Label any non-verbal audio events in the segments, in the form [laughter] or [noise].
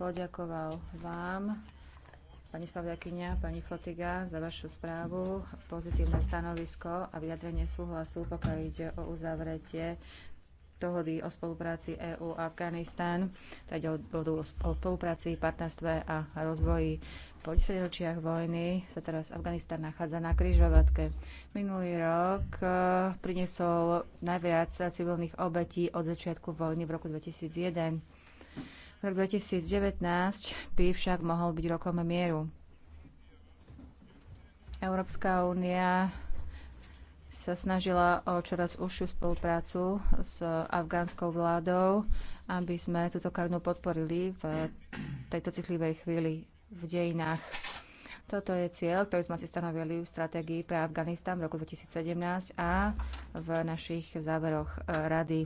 poďakoval vám, pani spravodajkynia, pani Fotiga, za vašu správu, pozitívne stanovisko a vyjadrenie súhlasu, pokiaľ ide o uzavretie dohody o spolupráci EÚ a Afganistán, teda o, o, o spolupráci, partnerstve a rozvoji. Po 10 ročiach vojny sa teraz Afganistan nachádza na kryžovatke. Minulý rok eh, priniesol najviac civilných obetí od začiatku vojny v roku 2001 Rok 2019 by však mohol byť rokom mieru. Európska únia sa snažila o čoraz užšiu spoluprácu s afgánskou vládou, aby sme túto krajinu podporili v tejto citlivej chvíli v dejinách. Toto je cieľ, ktorý sme si stanovili v stratégii pre Afganistan v roku 2017 a v našich záveroch eh, Rady.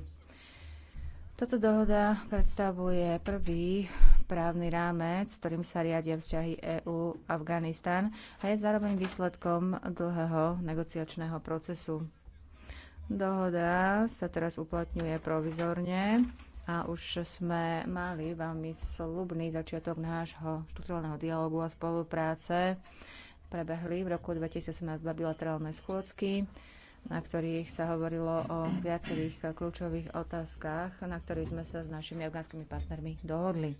Táto dohoda predstavuje prvý právny rámec, ktorým sa riadia vzťahy EÚ-Afganistan a je zároveň výsledkom dlhého negociačného procesu. Dohoda sa teraz uplatňuje provizorne a už sme mali veľmi slubný začiatok nášho štruktúrneho dialogu a spolupráce. Prebehli v roku 2018 dva bilaterálne schôdzky na ktorých sa hovorilo o viacerých kľúčových otázkach, na ktorých sme sa s našimi afgánskymi partnermi dohodli.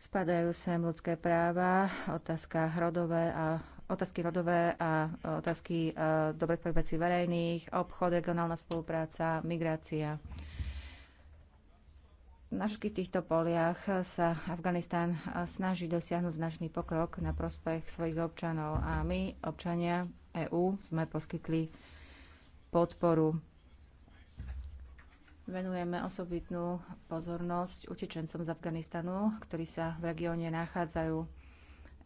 Spadajú sem ľudské práva, otázka rodové a otázky rodové a otázky e, dobrých vecí verejných, obchod, regionálna spolupráca, migrácia. Na všetkých týchto poliach sa Afganistán e, snaží dosiahnuť značný pokrok na prospech svojich občanov a my, občania, EÚ sme poskytli podporu. Venujeme osobitnú pozornosť utečencom z Afganistanu, ktorí sa v regióne nachádzajú.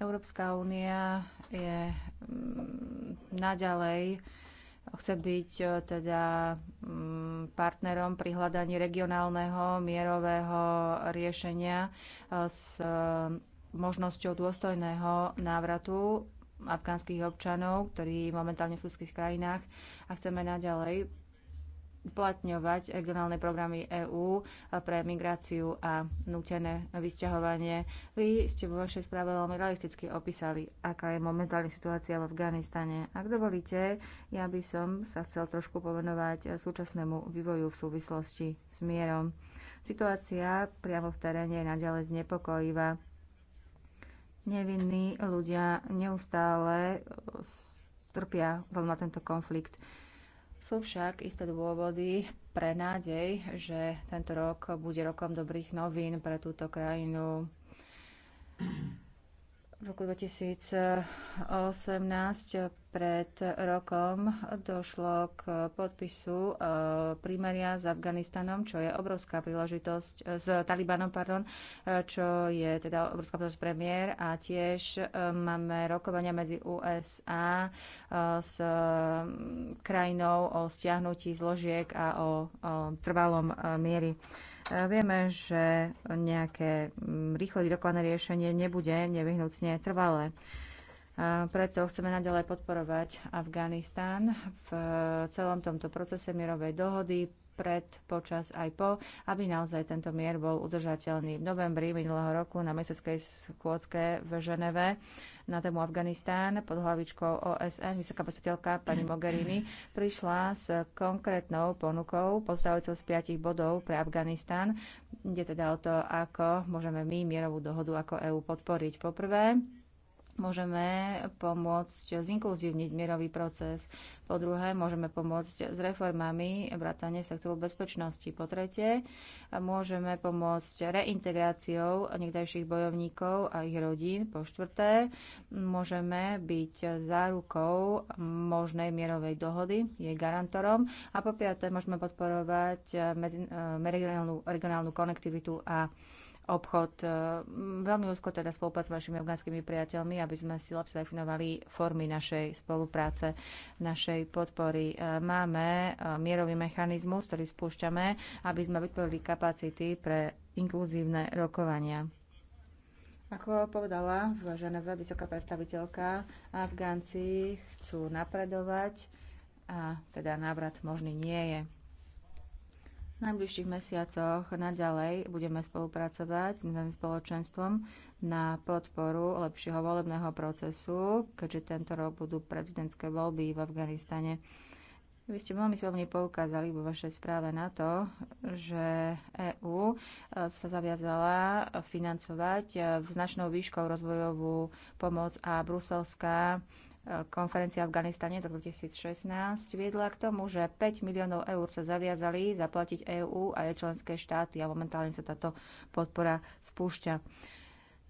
Európska únia je mm, naďalej chce byť e, teda mm, partnerom pri hľadaní regionálneho mierového riešenia e, s e, možnosťou dôstojného návratu afgánskych občanov, ktorí momentálne v ľudských krajinách a chceme naďalej uplatňovať regionálne programy EÚ pre migráciu a nutené vysťahovanie. Vy ste vo vašej správe veľmi realisticky opísali, aká je momentálna situácia v Afganistane. Ak dovolíte, ja by som sa chcel trošku povenovať súčasnému vývoju v súvislosti s mierom. Situácia priamo v teréne je naďalej znepokojivá Nevinní ľudia neustále eh, trpia vzhľadom na tento konflikt. Sú však isté dôvody pre nádej, že tento rok bude rokom dobrých novín pre túto krajinu. V roku 2018 pred rokom došlo k podpisu e, primeria s Afganistanom, čo je obrovská príležitosť e, s Talibanom, pardon, e, čo je teda obrovská príležitosť premiér a tiež máme rokovania medzi USA s krajinou o stiahnutí zložiek a o, o trvalom miery. E, vieme, že nejaké mm, rýchle vyrokované riešenie nebude nevyhnutne trvalé. E, preto chceme naďalej podporovať Afganistán v e, celom tomto procese mierovej dohody, pred, počas aj po, aby naozaj tento mier bol udržateľný. V novembri minulého roku na mesiackej schôdzke v Ženeve na tému Afganistán pod hlavičkou OSN vysoká predstaviteľka pani Mogherini prišla s konkrétnou ponukou postavujúcou z piatich bodov pre Afganistán. Ide teda o to, ako môžeme my mierovú dohodu ako EÚ podporiť. Poprvé, Môžeme pomôcť zinkluzívniť mierový proces. Po druhé, môžeme pomôcť s reformami vrátane sektoru bezpečnosti. Po tretie, môžeme pomôcť reintegráciou niekdajších bojovníkov a ich rodín. Po štvrté, môžeme byť zárukou možnej mierovej dohody, jej garantorom. A po piaté, môžeme podporovať medzi, eh, regionálnu, regionálnu konektivitu a obchod. E, veľmi úzko teda spolupráca s vašimi afgánskymi priateľmi, aby sme si lepšie definovali formy našej spolupráce, našej podpory. E, máme e, mierový mechanizmus, ktorý spúšťame, aby sme vytvorili kapacity pre inkluzívne rokovania. Ako povedala v Ženeve vysoká predstaviteľka, Afgánci chcú napredovať a teda návrat možný nie je najbližších mesiacoch naďalej budeme spolupracovať s medzinárodným spoločenstvom na podporu lepšieho volebného procesu, keďže tento rok budú prezidentské voľby v Afganistane. Vy ste veľmi správne poukázali vo vašej správe na to, že EÚ e, sa zaviazala financovať v e, značnou výškou rozvojovú pomoc a bruselská konferencia v Afganistane za 2016 viedla k tomu, že 5 miliónov eur sa zaviazali zaplatiť EÚ a jej členské štáty a momentálne sa táto podpora spúšťa.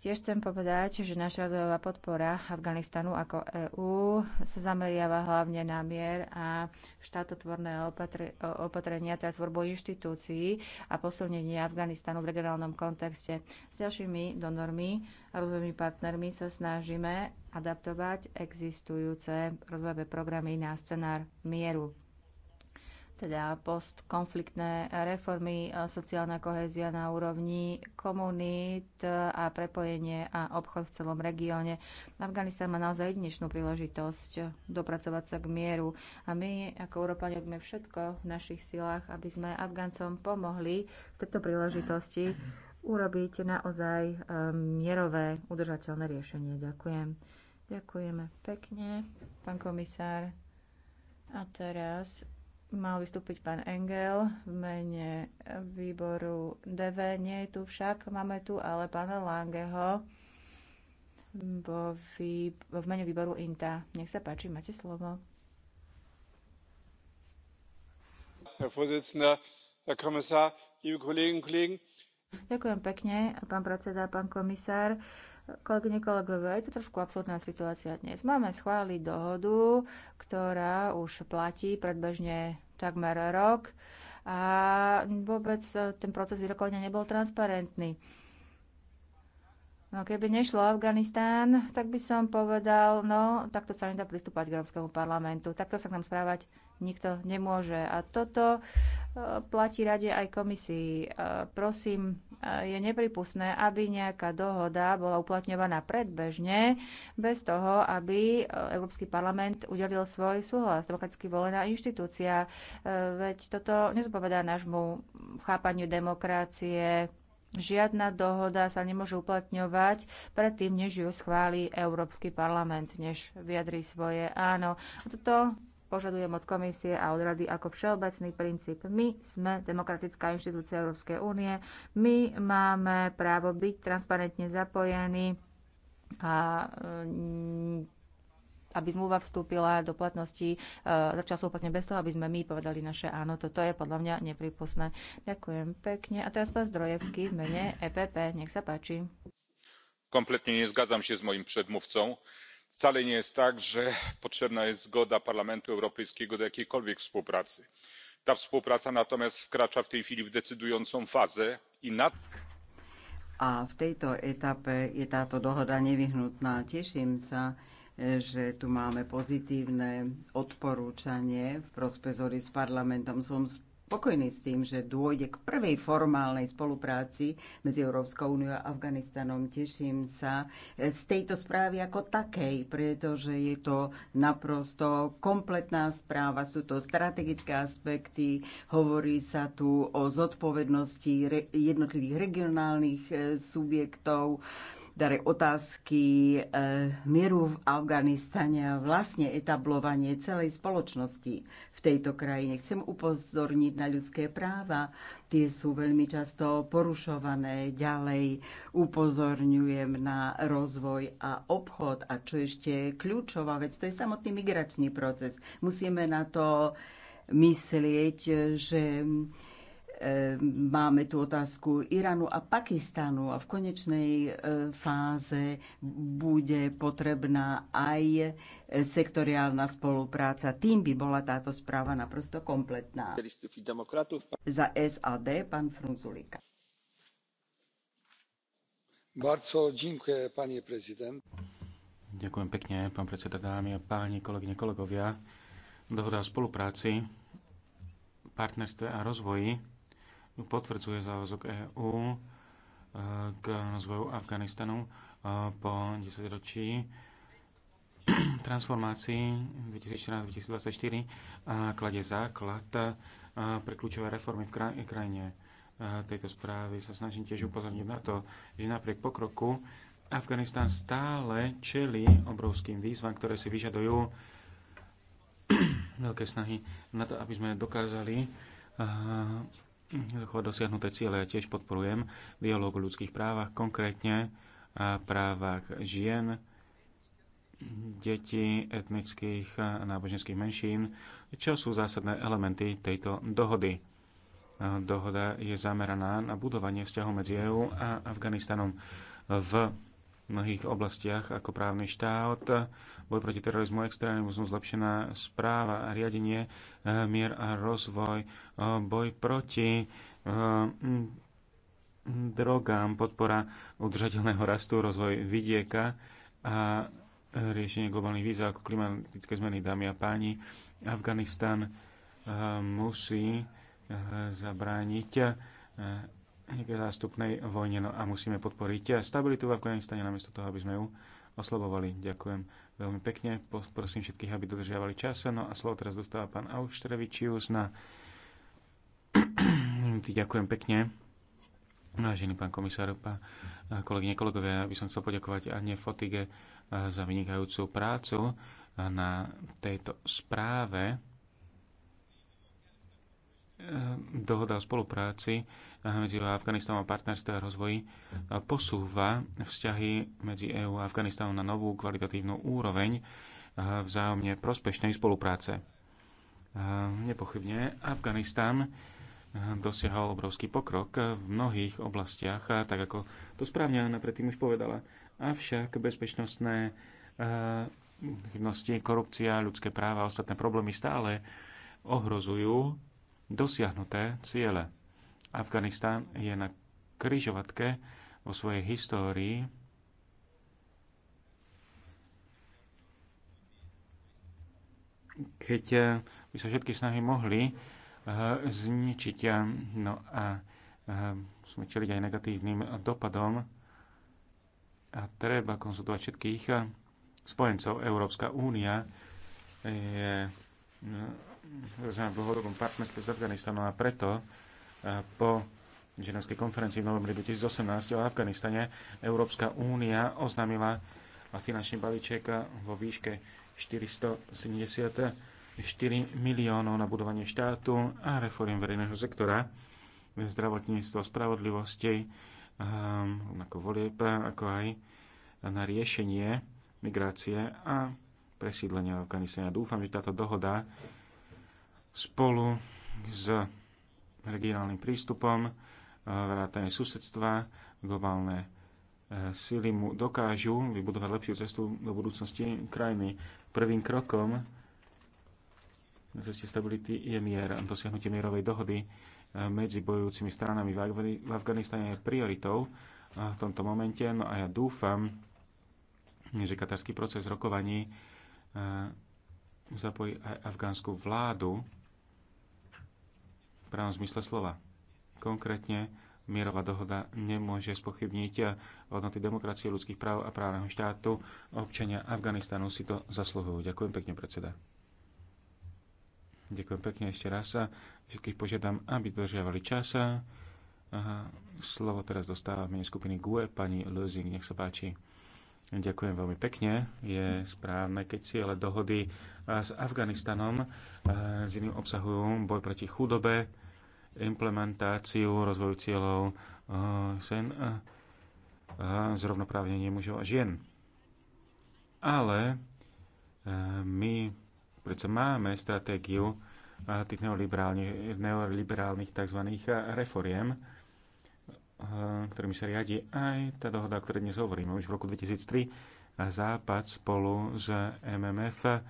Tiež chcem povedať, že naša rozvojová podpora Afganistanu ako EÚ sa zameriava hlavne na mier a štátotvorné opatre, opatrenia, teda tvorbu inštitúcií a posilnenie Afganistanu v regionálnom kontexte. S ďalšími donormi a rozvojovými partnermi sa snažíme adaptovať existujúce rozvojové programy na scenár mieru teda postkonfliktné reformy, sociálna kohézia na úrovni komunít a prepojenie a obchod v celom regióne. Afganistan má naozaj dnešnú príležitosť dopracovať sa k mieru a my ako Európania robíme všetko v našich silách, aby sme Afgáncom pomohli z tejto príležitosti urobiť naozaj e, mierové, udržateľné riešenie. Ďakujem. Ďakujeme pekne, pán komisár. A teraz mal vystúpiť pán Engel v mene výboru DV. Nie je tu však, máme tu ale pána Langeho vo v mene výboru INTA. Nech sa páči, máte slovo. Ďakujem pekne, pán predseda, pán komisár. Kolegyne, kolegovia, je to trošku absurdná situácia dnes. Máme schváliť dohodu, ktorá už platí predbežne takmer rok a vôbec eh, ten proces vyrokovania nebol transparentný. No, keby nešlo Afganistán, tak by som povedal, no, takto sa nedá pristúpať k Európskemu parlamentu, takto sa k nám správať nikto nemôže. A toto e, platí rade aj komisii. E, prosím, e, je nepripustné, aby nejaká dohoda bola uplatňovaná predbežne, bez toho, aby Európsky parlament udelil svoj súhlas, demokraticky volená inštitúcia. Veď toto nezpovedá nášmu chápaniu demokracie. Žiadna dohoda sa nemôže uplatňovať predtým, než ju schváli Európsky parlament, než vyjadrí svoje áno. A toto požadujem od komisie a od rady ako všeobecný princíp. My sme demokratická inštitúcia Európskej únie, my máme právo byť transparentne zapojení a e, aby zmluva vstúpila do platnosti, e, začal sa úplne bez toho, aby sme my povedali naše áno. Toto je podľa mňa nepripustné. Ďakujem pekne. A teraz pán Zdrojevský v mene EPP. Nech sa páči. Kompletne nezgadzam sa s mojim predmluvcom wcale nie jest tak że potrzebna jest zgoda parlamentu europejskiego do jakiejkolwiek współpracy. ta współpraca natomiast wkracza w tej chwili w decydującą fazę i na. a v tejto etape je táto dohoda nevyhnutná. teším sa e, že tu máme pozitívne odporúčanie v prospezori s parlamentom. Som spokojní s tým, že dôjde k prvej formálnej spolupráci medzi Európskou úniou a Afganistanom. Teším sa z tejto správy ako takej, pretože je to naprosto kompletná správa. Sú to strategické aspekty, hovorí sa tu o zodpovednosti jednotlivých regionálnych eh, subjektov, dare otázky e, mieru v Afganistane a vlastne etablovanie celej spoločnosti v tejto krajine. Chcem upozorniť na ľudské práva. Tie sú veľmi často porušované. Ďalej upozorňujem na rozvoj a obchod. A čo ešte kľúčová vec, to je samotný migračný proces. Musíme na to myslieť, že Ehm, máme tu otázku Iránu a Pakistánu a v konečnej e, fáze bude potrebná aj sektoriálna spolupráca. Tým by bola táto správa naprosto kompletná. Za SAD pán Frunzulika. Bardzo dziękuję, panie prezident. Ďakujem pekne, pán predseda, dámy a páni, kolegyne, kolegovia. Dohoda o spolupráci, partnerstve a rozvoji potvrdzuje záväzok EÚ e, k rozvoju Afganistanu e, po 10 ročí [clears throat] transformácii 2014-2024 a kladie základ e, pre kľúčové reformy v krajine. Tejto správy sa snažím tiež upozorniť na to, že napriek pokroku Afganistan stále čelí obrovským výzvam, ktoré si vyžadujú [clears throat] veľké snahy na to, aby sme dokázali dosiahnuté ciele ja tiež podporujem dialog o ľudských právach, konkrétne právach žien, detí, etnických a náboženských menšín, čo sú zásadné elementy tejto dohody. Dohoda je zameraná na budovanie vzťahu medzi EÚ a Afganistanom v mnohých oblastiach ako právny štát, boj proti terorizmu, extrémizmu, zlepšená správa, riadenie, eh, mier a rozvoj, eh, boj proti eh, drogám, podpora udržateľného rastu, rozvoj vidieka a riešenie globálnych výzov ako klimatické zmeny, dámy a páni. Afganistan musí zabrániť k zástupnej vojne no a musíme podporiť stabilitu v Afganistane namiesto toho, aby sme ju oslabovali. Ďakujem veľmi pekne. Prosím všetkých, aby dodržiavali čas. No a slovo teraz dostáva pán Auštrevičius na... [clears throat] Ďakujem pekne. Vážený pán komisár, pán kolegyne, kolegovia, ja by som chcel poďakovať Anne Fotige eh, za vynikajúcu prácu eh, na tejto správe dohoda o spolupráci medzi e Afganistanom a partnerstve a rozvoji posúva vzťahy medzi EÚ a Afganistanom na novú kvalitatívnu úroveň vzájomne prospešnej spolupráce. Nepochybne Afganistan dosiahol obrovský pokrok v mnohých oblastiach, tak ako to správne Anna predtým už povedala. Avšak bezpečnostné chybnosti, eh, korupcia, ľudské práva a ostatné problémy stále ohrozujú dosiahnuté ciele. Afganistan je na kryžovatke vo svojej histórii keď eh, by sa všetky snahy mohli eh, zničiť. Eh, no a musíme čeliť aj negatívnym dopadom a treba konzultovať všetkých spojencov. Európska únia je v dlhodobom partnerstve s Afganistanom a preto e, po ženevskej konferencii v novembri 2018 o Afganistane Európska únia oznámila finančný balíček e, vo výške 474 miliónov na budovanie štátu a reforiem verejného sektora, zdravotníctvo, spravodlivosti, e, ako volieb, ako aj na riešenie migrácie a presídlenia v Afganistane. Dúfam, že táto dohoda spolu s regionálnym prístupom, e, vrátane susedstva, globálne e, sily mu dokážu vybudovať lepšiu cestu do budúcnosti krajiny. Prvým krokom na ceste stability je mier. Dosiahnutie mierovej dohody e, medzi bojujúcimi stranami v Afganistane je prioritou v tomto momente. No a ja dúfam, že katarský proces rokovaní zapojí aj afgánsku vládu správnom zmysle slova. Konkrétne mierová dohoda nemôže spochybniť hodnoty demokracie, ľudských práv a právneho štátu. Občania Afganistanu si to zasluhujú. Ďakujem pekne, predseda. Ďakujem pekne ešte raz a všetkých požiadam, aby dodržiavali čas. Aha, slovo teraz dostáva v mene skupiny GUE pani Lozing, nech sa páči. Ďakujem veľmi pekne. Je správne, keď ale dohody s Afganistanom eh, s iným obsahujú boj proti chudobe, implementáciu rozvoju cieľov eh, sen eh, a zrovnoprávnenie mužov a žien. Ale eh, my predsa máme stratégiu tých neoliberálnych, neoliberálnych tzv. reforiem, ktorými sa riadi aj tá dohoda, o ktorej dnes hovoríme. Už v roku 2003 Západ spolu s MMF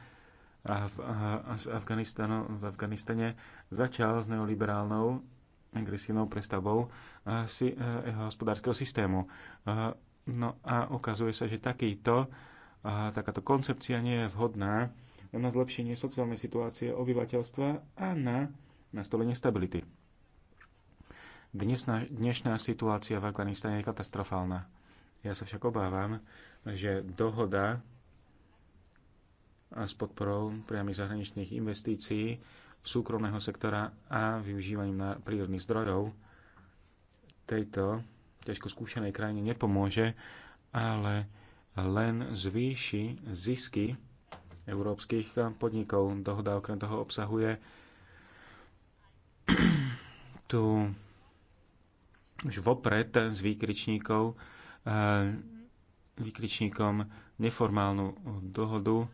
z Afganistanu, v Afganistane začal s neoliberálnou agresívnou prestavbou si, jeho hospodárskeho systému. No a ukazuje sa, že takýto, takáto koncepcia nie je vhodná na zlepšenie sociálnej situácie obyvateľstva a na nastolenie stability. Dnesná, dnešná situácia v Afganistane je katastrofálna. Ja sa však obávam, že dohoda s podporou priamých zahraničných investícií súkromného sektora a využívaním na prírodných zdrojov tejto ťažko skúšanej krajine nepomôže, ale len zvýši zisky európskych podnikov. Dohoda okrem toho obsahuje [clears throat] tu už vopred s eh, výkričníkom neformálnu dohodu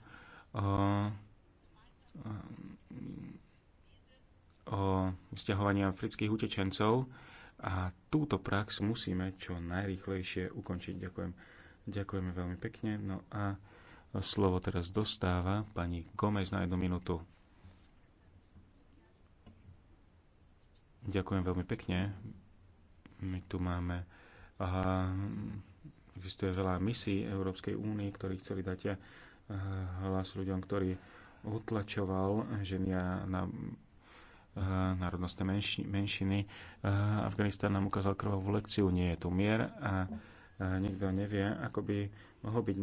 o, o stiahovaní afrických utečencov a túto prax musíme čo najrýchlejšie ukončiť. Ďakujem. Ďakujeme veľmi pekne. No a slovo teraz dostáva pani Gomez na jednu minútu. Ďakujem veľmi pekne. My tu máme... Aha, existuje veľa misií Európskej únie, ktorí chceli dať hlas ľuďom, ktorý utlačoval ženia na národnostné menšiny. Afganistán nám ukázal krvavú lekciu, nie je tu mier a nikto nevie, ako by mohol byť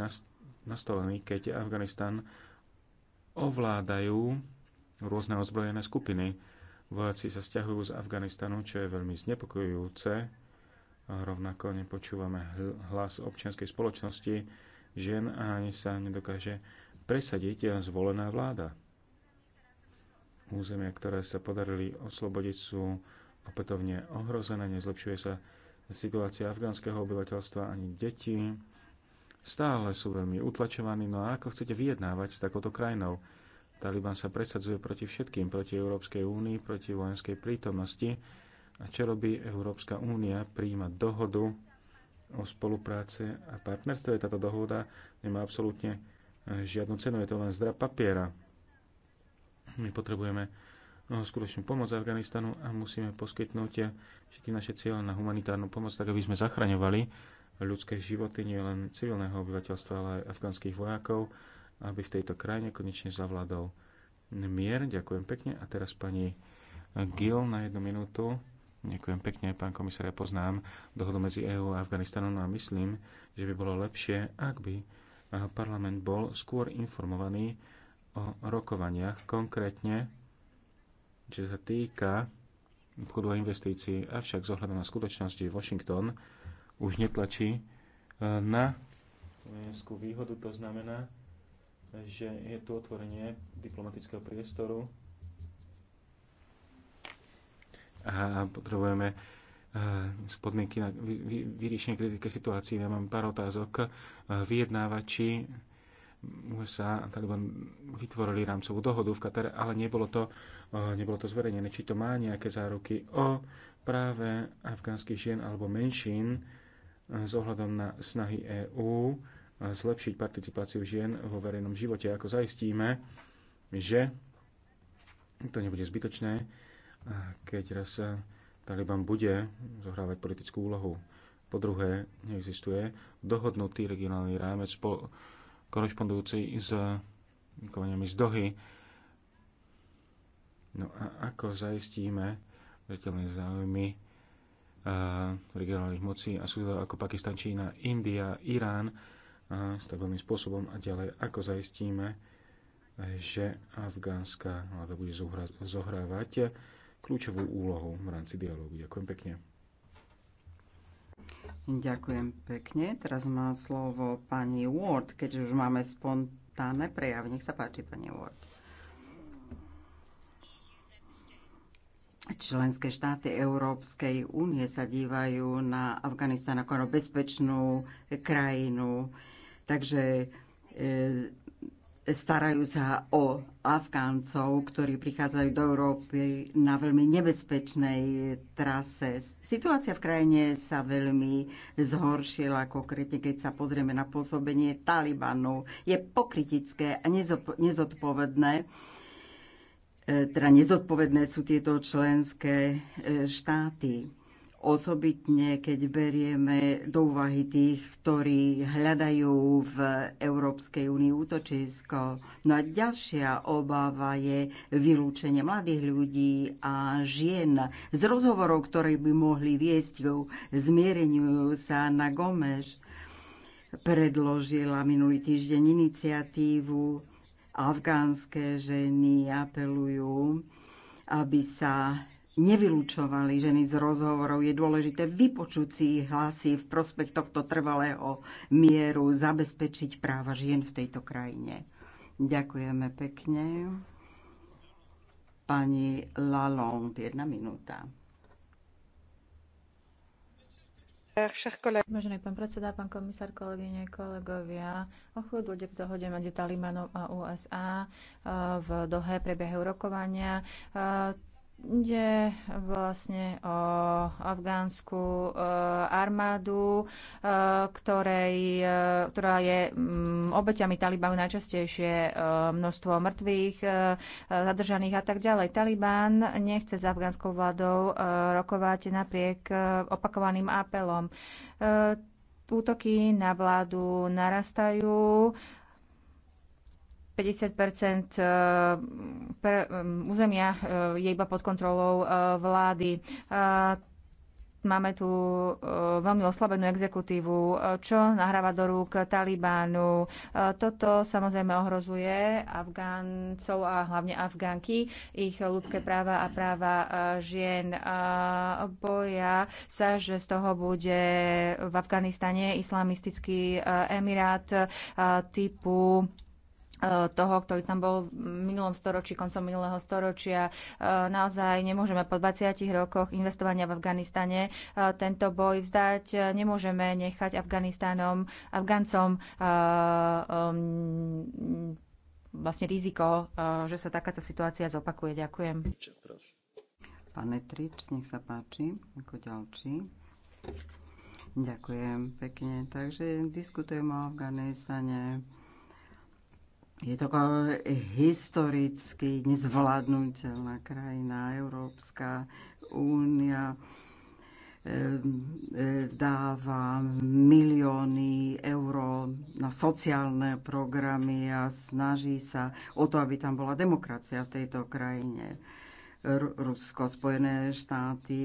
nastolený, keď Afganistan ovládajú rôzne ozbrojené skupiny. Vojaci sa stiahujú z Afganistanu, čo je veľmi znepokojujúce. Rovnako nepočúvame hlas občianskej spoločnosti, žien a ani sa nedokáže presadiť zvolená vláda. Územia, ktoré sa podarili oslobodiť, sú opätovne ohrozené, nezlepšuje sa situácia afgánskeho obyvateľstva ani detí. Stále sú veľmi utlačovaní, no a ako chcete vyjednávať s takouto krajinou? Taliban sa presadzuje proti všetkým, proti Európskej únii, proti vojenskej prítomnosti. A čo robí Európska únia? Príjima dohodu o spolupráce a partnerstve. Táto dohoda nemá absolútne e, žiadnu cenu, je to len zdra papiera. My potrebujeme e, skutočnú pomoc Afganistanu a musíme poskytnúť e, všetky naše cieľe na humanitárnu pomoc, tak aby sme zachraňovali ľudské životy nielen civilného obyvateľstva, ale aj afgánskych vojakov, aby v tejto krajine konečne zavládol mier. Ďakujem pekne. A teraz pani Gil na jednu minútu. Ďakujem pekne, pán komisár, ja poznám dohodu medzi EÚ a Afganistanom a myslím, že by bolo lepšie, ak by parlament bol skôr informovaný o rokovaniach, konkrétne, čo sa týka obchodu a investícií, avšak zohľadom na skutočnosti Washington už netlačí e, na vojenskú výhodu, to znamená, že je tu otvorenie diplomatického priestoru a potrebujeme eh, podmienky na vyriešenie kritické situácie. Ja mám pár otázok. Eh, vyjednávači USA a Taliban vytvorili rámcovú dohodu v Katare, ale nebolo to, eh, nebolo to zverejnené. Či to má nejaké záruky o práve afgánskych žien alebo menšín s ohľadom na snahy EÚ zlepšiť participáciu žien vo verejnom živote, ako zaistíme, že to nebude zbytočné, keď raz Taliban bude zohrávať politickú úlohu. Po druhé, neexistuje dohodnutý regionálny rámec korešpondujúci s kovaniami z dohy. No a ako zaistíme veteľné záujmy uh, regionálnych mocí a súdov ako Pakistan, Čína, India, Irán uh, stabilným spôsobom a ďalej ako zaistíme, že afgánska vláda bude zohrávať kľúčovú úlohu v rámci dialógu. Ďakujem pekne. Ďakujem pekne. Teraz má slovo pani Ward, keďže už máme spontánne prejavy. Nech sa páči, pani Ward. Členské štáty Európskej únie sa dívajú na Afganistan ako na bezpečnú krajinu. Takže e, starajú sa o Afgáncov, ktorí prichádzajú do Európy na veľmi nebezpečnej trase. Situácia v krajine sa veľmi zhoršila, konkrétne keď sa pozrieme na pôsobenie Talibanu. Je pokritické a nezodpovedné, e, teda nezodpovedné sú tieto členské e, štáty osobitne keď berieme do úvahy tých, ktorí hľadajú v Európskej únii útočisko. No a ďalšia obava je vylúčenie mladých ľudí a žien z rozhovorov, ktoré by mohli viesť k zmiereniu sa na Gomeš. Predložila minulý týždeň iniciatívu Afgánske ženy apelujú, aby sa nevylúčovali ženy z rozhovorov. Je dôležité vypočuť si ich hlasy v prospech tohto trvalého mieru, zabezpečiť práva žien v tejto krajine. Ďakujeme pekne. Pani Lalonde, jedna minúta. Vážený pán predseda, pán komisár, kolegyne, kolegovia, o chvíľu k dohode medzi Talibanom a USA. Eh, v Dohe prebiehajú rokovania. Eh, Ide vlastne o afgánsku e, armádu, e, ktorej, e, ktorá je mm, obeťami Talibanu najčastejšie množstvo mŕtvych, zadržaných a tak ďalej. Taliban nechce s afgánskou vládou rokovať napriek opakovaným apelom útoky na vládu narastajú. 50 eh, eh, územia eh, je iba pod kontrolou vlády. Máme tu veľmi oslabenú exekutívu, čo nahráva do rúk Talibánu. Toto samozrejme ohrozuje Afgáncov a hlavne Afgánky, ich ľudské práva a práva žien. Boja sa, že z toho bude v Afganistane islamistický emirát typu Eh, toho, ktorý tam bol v minulom storočí, koncom minulého storočia. Eh, naozaj nemôžeme po 20 rokoch investovania v Afganistane eh, tento boj vzdať. Nemôžeme nechať Afganistanom, Afgancom vlastne riziko, že sa takáto situácia zopakuje. Ďakujem. Pán Letrič, nech sa páči, ako ďalší. Ďakujem pekne. Takže diskutujeme o Afganistane je to historicky nezvládnutelná krajina, Európska únia e, e, dáva milióny eur na sociálne programy a snaží sa o to, aby tam bola demokracia v tejto krajine. Rusko, Spojené štáty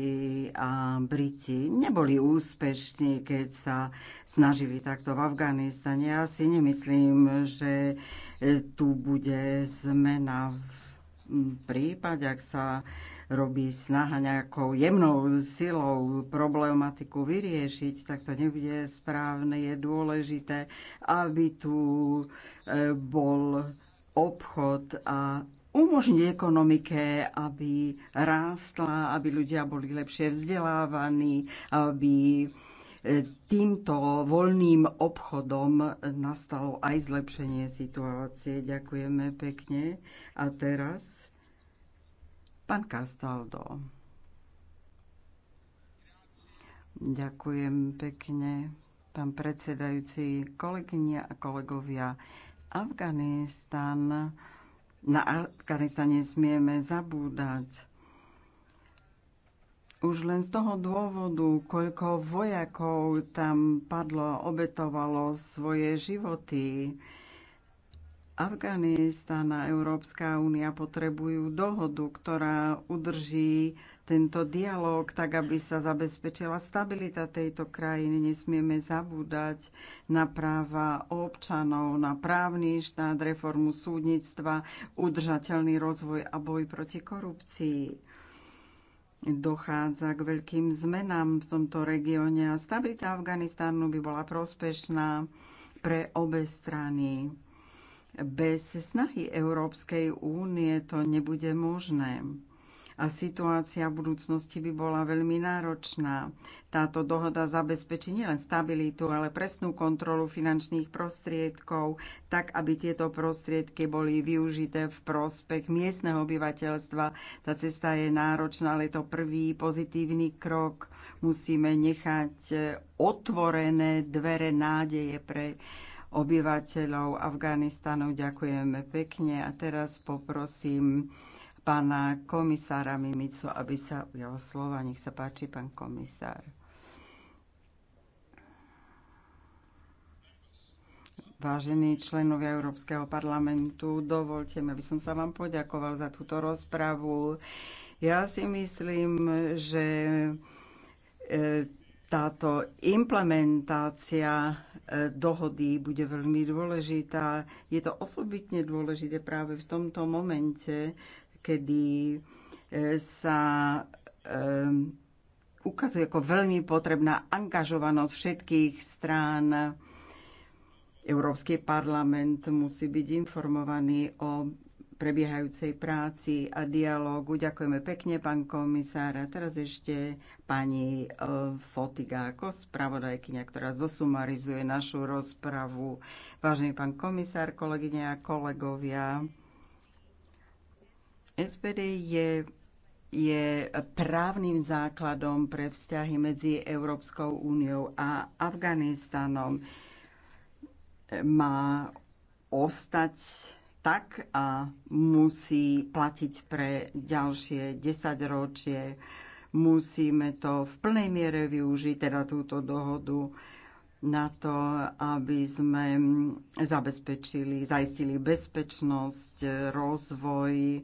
a Briti neboli úspešní, keď sa snažili takto v Afganistane. Ja si nemyslím, že e, tu bude zmena v prípade, ak sa robí snaha nejakou jemnou silou problematiku vyriešiť, tak to nebude správne. Je dôležité, aby tu e, bol obchod a umožniť ekonomike, aby rástla, aby ľudia boli lepšie vzdelávaní, aby e, týmto voľným obchodom nastalo aj zlepšenie situácie. Ďakujeme pekne. A teraz pán Castaldo. Ďakujem pekne, pán predsedajúci, kolegyne a kolegovia. Afganistan na Afganistan nesmieme zabúdať. Už len z toho dôvodu, koľko vojakov tam padlo, obetovalo svoje životy. Afganistan a Európska únia potrebujú dohodu, ktorá udrží tento dialog, tak aby sa zabezpečila stabilita tejto krajiny. Nesmieme zabúdať na práva občanov, na právny štát, reformu súdnictva, udržateľný rozvoj a boj proti korupcii dochádza k veľkým zmenám v tomto regióne a stabilita Afganistánu by bola prospešná pre obe strany. Bez snahy Európskej únie to nebude možné a situácia v budúcnosti by bola veľmi náročná. Táto dohoda zabezpečí nielen stabilitu, ale presnú kontrolu finančných prostriedkov, tak aby tieto prostriedky boli využité v prospech miestneho obyvateľstva. Tá cesta je náročná, ale je to prvý pozitívny krok. Musíme nechať e, otvorené dvere nádeje pre obyvateľov Afganistanu. Ďakujeme pekne a teraz poprosím pána komisára Mimicu, aby sa ujal slova. Nech sa páči, pán komisár. Vážení členovia Európskeho parlamentu, dovolte mi, aby som sa vám poďakoval za túto rozpravu. Ja si myslím, že e, táto implementácia e, dohody bude veľmi dôležitá. Je to osobitne dôležité práve v tomto momente, kedy e, sa e, ukazuje ako veľmi potrebná angažovanosť všetkých strán. Európsky parlament musí byť informovaný o prebiehajúcej práci a dialógu. Ďakujeme pekne, pán komisár. A teraz ešte pani e, Fotiga ako spravodajkyňa, ktorá zosumarizuje našu rozpravu. Vážený pán komisár, kolegyne a kolegovia, SPD je, je právnym základom pre vzťahy medzi Európskou úniou a Afganistanom. Má ostať tak a musí platiť pre ďalšie desaťročie. Musíme to v plnej miere využiť, teda túto dohodu na to, aby sme zabezpečili, zaistili bezpečnosť, rozvoj,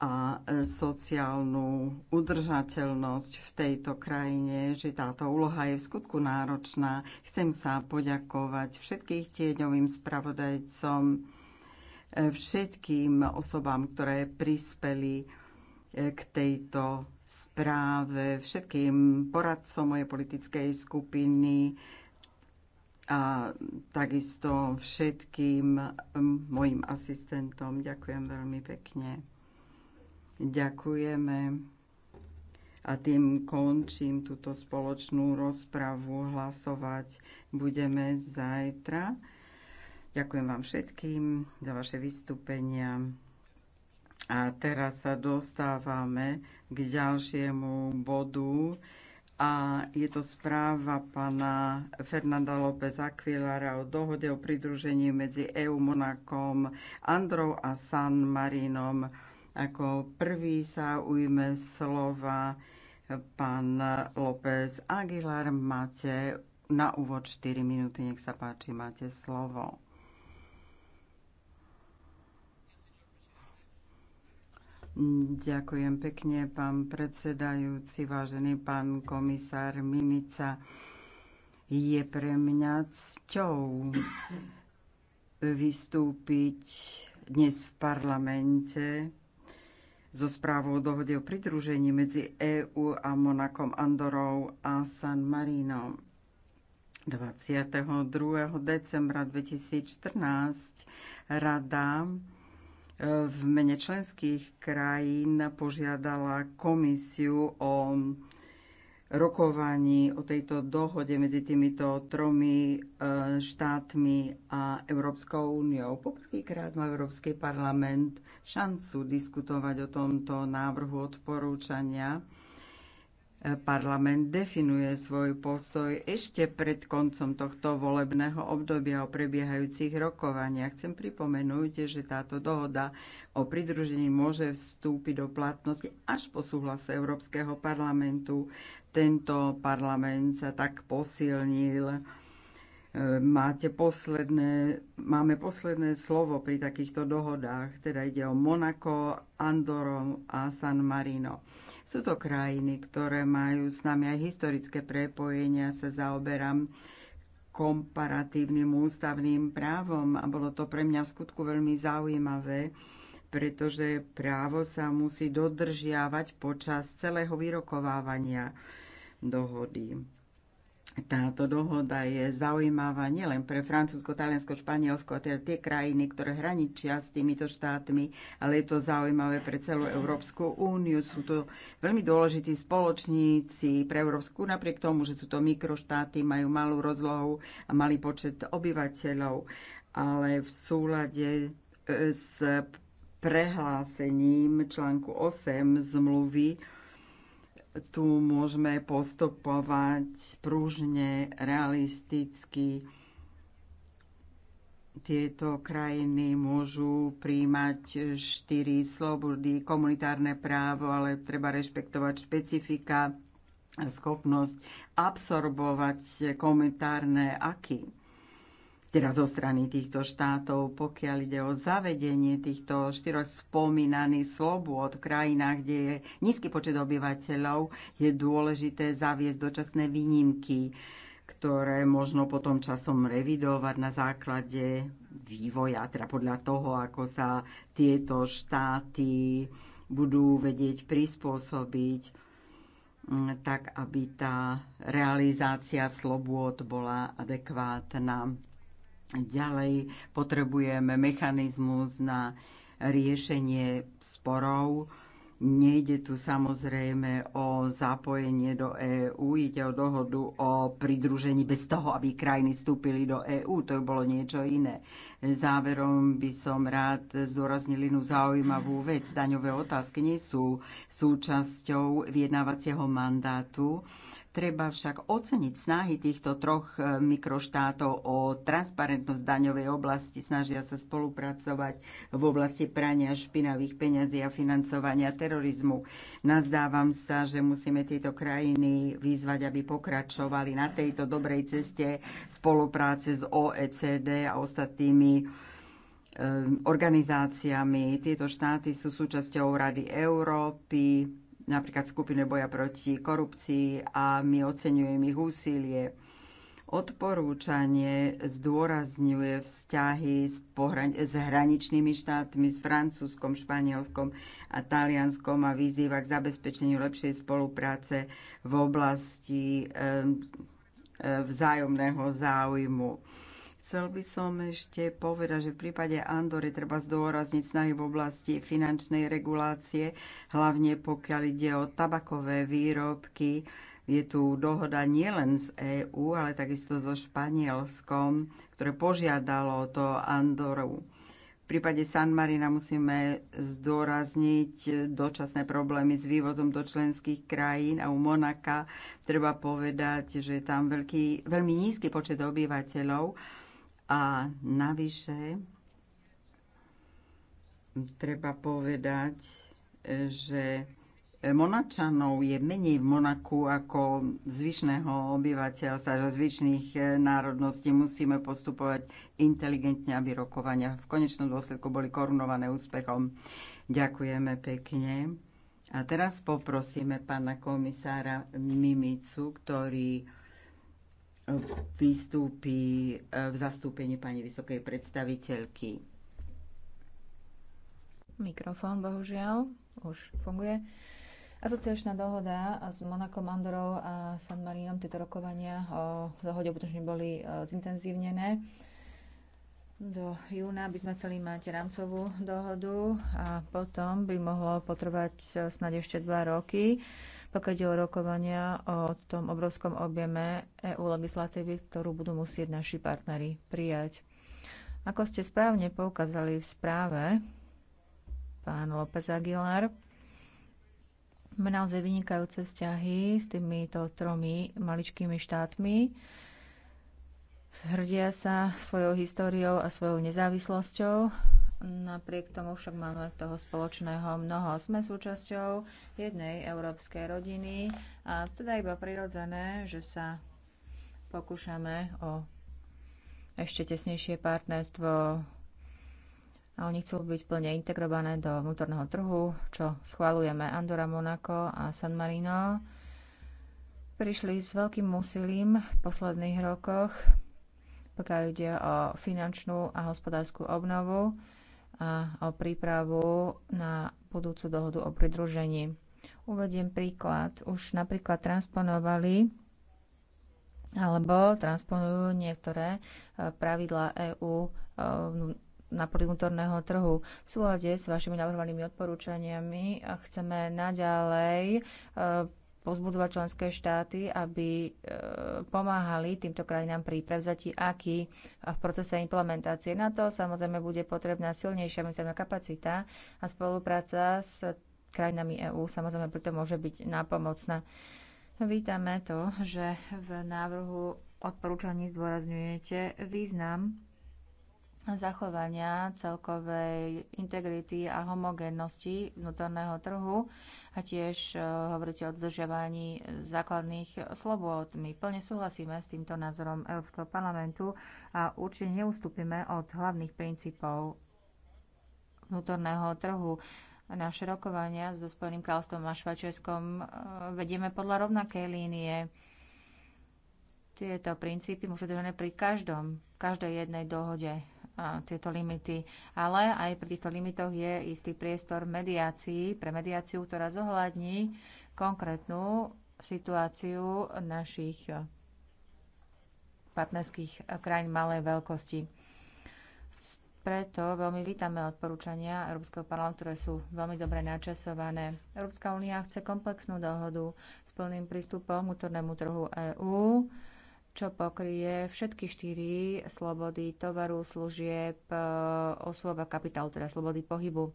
a e, sociálnu udržateľnosť v tejto krajine, že táto úloha je v skutku náročná. Chcem sa poďakovať všetkých tieňovým spravodajcom, e, všetkým osobám, ktoré prispeli e, k tejto správe, všetkým poradcom mojej politickej skupiny, a takisto všetkým mojim asistentom. Ďakujem veľmi pekne. Ďakujeme. A tým končím túto spoločnú rozpravu. Hlasovať budeme zajtra. Ďakujem vám všetkým za vaše vystúpenia. A teraz sa dostávame k ďalšiemu bodu a je to správa pána Fernanda López Aquilara o dohode o pridružení medzi EU, Monakom, Androu a San Marinom. Ako prvý sa ujme slova pán López Aguilar. Máte na úvod 4 minúty, nech sa páči, máte slovo. Ďakujem pekne, pán predsedajúci, vážený pán komisár Mimica. Je pre mňa cťou vystúpiť dnes v parlamente so správou o dohode o pridružení medzi EÚ a Monakom Andorou a San Marinom. 22. decembra 2014 Rada e, v mene členských krajín požiadala komisiu o rokovaní o tejto dohode medzi týmito tromi e, štátmi a Európskou úniou. Poprvýkrát má Európsky parlament šancu diskutovať o tomto návrhu odporúčania Parlament definuje svoj postoj ešte pred koncom tohto volebného obdobia o prebiehajúcich rokovaniach. Chcem pripomenúť, že táto dohoda o pridružení môže vstúpiť do platnosti až po súhlase Európskeho parlamentu. Tento parlament sa tak posilnil. E, máte posledné, máme posledné slovo pri takýchto dohodách, teda ide o Monako, Andoru a San Marino. Sú to krajiny, ktoré majú s nami aj historické prepojenia, sa zaoberám komparatívnym ústavným právom a bolo to pre mňa v skutku veľmi zaujímavé, pretože právo sa musí dodržiavať počas celého vyrokovávania dohody. Táto dohoda je zaujímavá nielen pre Francúzsko, Taliansko, Španielsko, teda tie krajiny, ktoré hraničia s týmito štátmi, ale je to zaujímavé pre celú Európsku úniu. Sú to veľmi dôležití spoločníci pre Európsku, napriek tomu, že sú to mikroštáty, majú malú rozlohu a malý počet obyvateľov, ale v súlade e, s prehlásením článku 8 zmluvy tu môžeme postupovať pružne, realisticky. Tieto krajiny môžu príjmať štyri slobody, komunitárne právo, ale treba rešpektovať špecifika a schopnosť absorbovať komunitárne aky teda zo strany týchto štátov, pokiaľ ide o zavedenie týchto štyroch spomínaných slobôd v krajinách, kde je nízky počet obyvateľov, je dôležité zaviesť dočasné výnimky, ktoré možno potom časom revidovať na základe vývoja, teda podľa toho, ako sa tieto štáty budú vedieť prispôsobiť mm, tak aby tá realizácia slobôd bola adekvátna. Ďalej potrebujeme mechanizmus na riešenie sporov. Nejde tu samozrejme o zapojenie do EÚ, ide o dohodu o pridružení bez toho, aby krajiny vstúpili do EÚ. To by bolo niečo iné. Záverom by som rád zdôraznil inú zaujímavú vec. Daňové otázky nie sú súčasťou vyjednávacieho mandátu Treba však oceniť snahy týchto troch e, mikroštátov o transparentnosť daňovej oblasti. Snažia sa spolupracovať v oblasti prania špinavých peňazí a financovania terorizmu. Nazdávam sa, že musíme tieto krajiny vyzvať, aby pokračovali na tejto dobrej ceste spolupráce s OECD a ostatnými e, organizáciami. Tieto štáty sú súčasťou Rady Európy, napríklad skupiny boja proti korupcii a my oceňujeme ich úsilie. Odporúčanie zdôrazňuje vzťahy s, pohran- s hraničnými štátmi, s Francúzskom, Španielskom a Talianskom a vyzýva k zabezpečeniu lepšej spolupráce v oblasti e, e, vzájomného záujmu Chcel by som ešte povedať, že v prípade Andory treba zdôrazniť snahy v oblasti finančnej regulácie, hlavne pokiaľ ide o tabakové výrobky. Je tu dohoda nielen z EÚ, ale takisto so Španielskom, ktoré požiadalo to Andoru. V prípade San Marina musíme zdôrazniť dočasné problémy s vývozom do členských krajín a u Monaka treba povedať, že je tam veľký, veľmi nízky počet obyvateľov a navyše treba povedať, že Monačanov je menej v Monaku ako zvyšného obyvateľstva, že zvyšných eh, národností musíme postupovať inteligentne, aby rokovania v konečnom dôsledku boli korunované úspechom. Ďakujeme pekne. A teraz poprosíme pána komisára Mimicu, ktorý vystúpi e, v zastúpení pani vysokej predstaviteľky. Mikrofón, bohužiaľ, už funguje. Asociačná dohoda s Monakom, Andorou a San Marinom, tieto rokovania o dohode o boli e, zintenzívnené. Do júna by sme chceli mať rámcovú dohodu a potom by mohlo potrvať e, snad ešte dva roky pokiaľ ide o rokovania o tom obrovskom objeme EU legislatívy, ktorú budú musieť naši partnery prijať. Ako ste správne poukázali v správe, pán López Aguilar, máme naozaj vynikajúce vzťahy s týmito tromi maličkými štátmi. Hrdia sa svojou históriou a svojou nezávislosťou Napriek tomu však máme toho spoločného mnoho. Sme súčasťou jednej európskej rodiny a teda iba prirodzené, že sa pokúšame o ešte tesnejšie partnerstvo a oni chcú byť plne integrované do vnútorného trhu, čo schvalujeme Andorra, Monako a San Marino. Prišli s veľkým úsilím v posledných rokoch, pokiaľ ide o finančnú a hospodárskú obnovu a o prípravu na budúcu dohodu o pridružení. Uvediem príklad. Už napríklad transponovali alebo transponujú niektoré e, pravidlá EÚ e, na poli vnútorného trhu. V súlade s vašimi navrhovanými odporúčaniami chceme naďalej e, pozbudzovať členské štáty, aby e, pomáhali týmto krajinám pri prevzati aký e, v procese implementácie. Na to samozrejme bude potrebná silnejšia medzinárodná kapacita a spolupráca s krajinami EÚ samozrejme preto môže byť nápomocná. Vítame to, že v návrhu odporúčaní zdôrazňujete význam zachovania celkovej integrity a homogénnosti vnútorného trhu a tiež e, hovoríte o dodržiavaní základných slobôd. My plne súhlasíme s týmto názorom Európskeho parlamentu a určite neustúpime od hlavných princípov vnútorného trhu naše rokovania so Spojeným kráľstvom a Švajčiarskom e, vedieme podľa rovnakej línie. Tieto princípy musí držané pri každom, každej jednej dohode tieto limity. Ale aj pri týchto limitoch je istý priestor mediácií, pre mediáciu, ktorá zohľadní konkrétnu situáciu našich partnerských krajín malej veľkosti. Preto veľmi vítame odporúčania Európskeho parlamentu, ktoré sú veľmi dobre načasované. Európska únia chce komplexnú dohodu s plným prístupom k útornému trhu EÚ. EU čo pokrie všetky štyri slobody tovaru, služieb, e, osôb a kapitálu, teda slobody pohybu.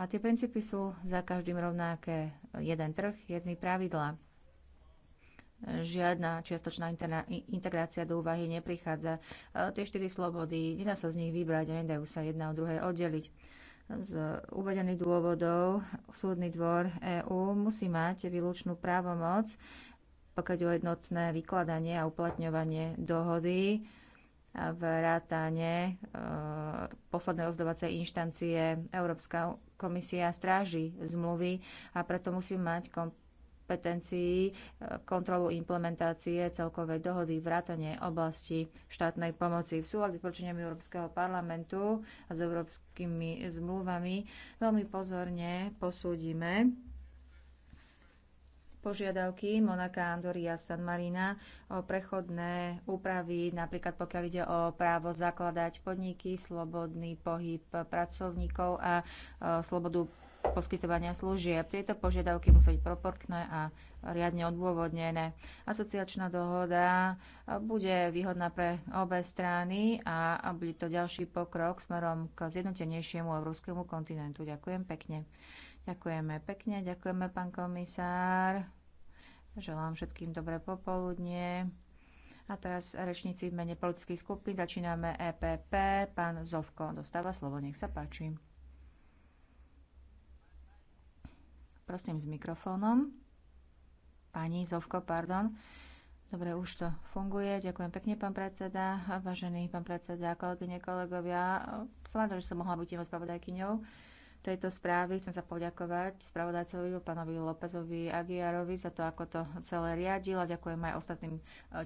A tie princípy sú za každým rovnaké. Jeden trh, jedný pravidla. Žiadna čiastočná integrácia do úvahy neprichádza. E, tie štyri slobody, nedá sa z nich vybrať a nedajú sa jedna od druhej oddeliť. Z uvedených dôvodov súdny dvor EÚ musí mať výlučnú právomoc pokiaľ o jednotné vykladanie a uplatňovanie dohody vrátane e, poslednej rozhodovacej inštancie Európska komisia stráži zmluvy a preto musí mať kompetencii e, kontrolu implementácie celkovej dohody vrátane oblasti štátnej pomoci. V súlade s poručeniami Európskeho parlamentu a s európskymi zmluvami veľmi pozorne posúdime požiadavky Monaka, Andoria San Marina o prechodné úpravy, napríklad pokiaľ ide o právo zakladať podniky, slobodný pohyb pracovníkov a e, slobodu poskytovania služieb. Tieto požiadavky musí byť proporčné a riadne odôvodnené. Asociačná dohoda e, bude výhodná pre obe strany a bude to ďalší pokrok smerom k zjednotenejšiemu európskemu kontinentu. Ďakujem pekne. Ďakujeme pekne, ďakujeme pán komisár. Želám všetkým dobré popoludnie. A teraz rečníci v mene politických skupín. Začíname EPP. Pán Zovko dostáva slovo, nech sa páči. Prosím s mikrofónom. Pani Zovko, pardon. Dobre, už to funguje. Ďakujem pekne, pán predseda. Vážený pán predseda, kolegyne, kolegovia. Som rád, že som mohla byť jeho spravodajkyňou tejto správy. Chcem sa poďakovať spravodajcovi pánovi Lópezovi Agiarovi za to, ako to celé riadil a ďakujem aj ostatným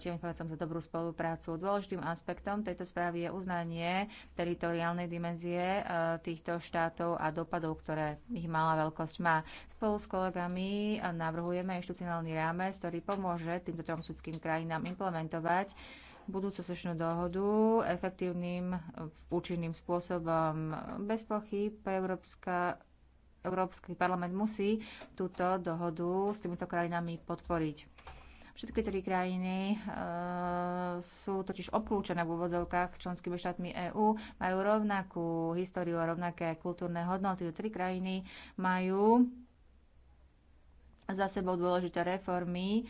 čiernym eh, za dobrú spoluprácu. Dôležitým aspektom tejto správy je uznanie teritoriálnej dimenzie eh, týchto štátov a dopadov, ktoré ich malá veľkosť má. Spolu s kolegami eh, navrhujeme inštitucionálny rámec, ktorý pomôže týmto trom krajinám implementovať budúcu sečnú dohodu efektívnym, účinným spôsobom. Bez pochyb Európska, Európsky parlament musí túto dohodu s týmito krajinami podporiť. Všetky tri krajiny e, sú totiž obklúčené v úvodzovkách členskými štátmi EÚ, majú rovnakú históriu a rovnaké kultúrne hodnoty. Tri krajiny majú za sebou dôležité reformy,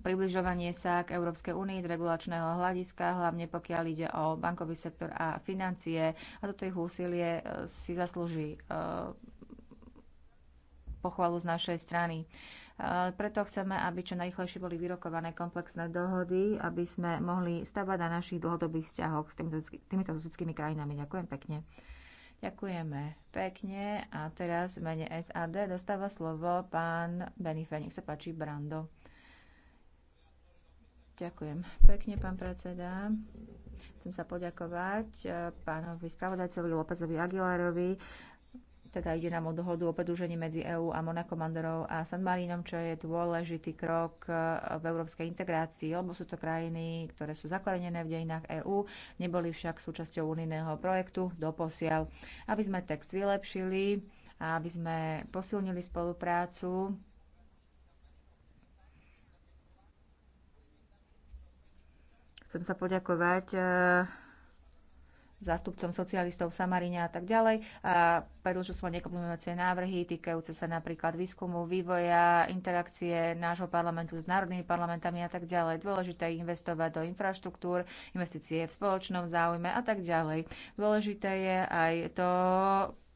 približovanie sa k Európskej únii z regulačného hľadiska, hlavne pokiaľ ide o bankový sektor a financie. A toto ich úsilie si zaslúži pochvalu z našej strany. Preto chceme, aby čo najrychlejšie boli vyrokované komplexné dohody, aby sme mohli stavať na našich dlhodobých vzťahoch s týmito, susedskými krajinami. Ďakujem pekne. Ďakujeme pekne. A teraz v mene SAD dostáva slovo pán Benife. Nech sa páči, Brando. Ďakujem pekne, pán predseda. Chcem sa poďakovať eh, pánovi spravodajcovi Lópezovi Aguilarovi teda ide nám o dohodu o predlžení medzi EÚ a Monakom Andorou a San Marínom, čo je dôležitý krok e, v európskej integrácii, lebo sú to krajiny, ktoré sú zakorenené v dejinách EÚ, neboli však súčasťou unijného projektu doposiaľ. Aby sme text vylepšili a aby sme posilnili spoluprácu, chcem sa poďakovať e, zástupcom socialistov v Samarine a tak ďalej. A predložil som nekomplementujúce návrhy týkajúce sa napríklad výskumu, vývoja, interakcie nášho parlamentu s národnými parlamentami a tak ďalej. Dôležité je investovať do infraštruktúr, investície v spoločnom záujme a tak ďalej. Dôležité je aj to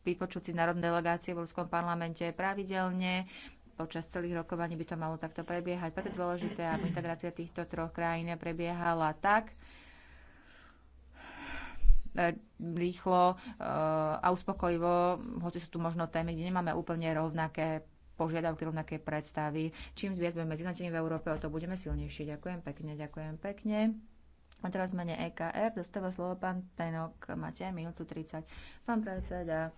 vypočuť si národné delegácie v Európskom parlamente pravidelne, počas celých rokovaní by to malo takto prebiehať. Preto je dôležité, aby integrácia týchto troch krajín prebiehala tak, E, rýchlo e, a uspokojivo, hoci sú tu možno témy, kde nemáme úplne rovnaké požiadavky, rovnaké predstavy. Čím viac budeme medzinačení v Európe, o to budeme silnejší. Ďakujem pekne, ďakujem pekne. A teraz mene EKR dostáva slovo pán Tenok. Máte aj minútu 30. Pán predseda,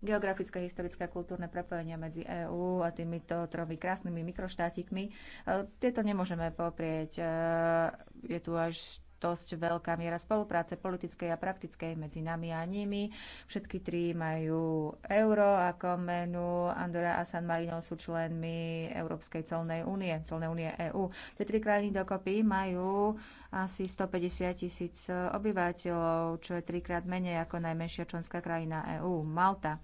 geografické, historické a kultúrne prepojenia medzi EÚ a týmito tromi krásnymi mikroštátikmi. E, tieto nemôžeme poprieť. Je tu až dosť veľká miera spolupráce politickej a praktickej medzi nami a nimi. Všetky tri majú euro ako menu. Andorra a San Marino sú členmi Európskej celnej únie, celnej únie EÚ. Tie tri krajiny dokopy majú asi 150 tisíc obyvateľov, čo je trikrát menej ako najmenšia členská krajina EÚ, Malta.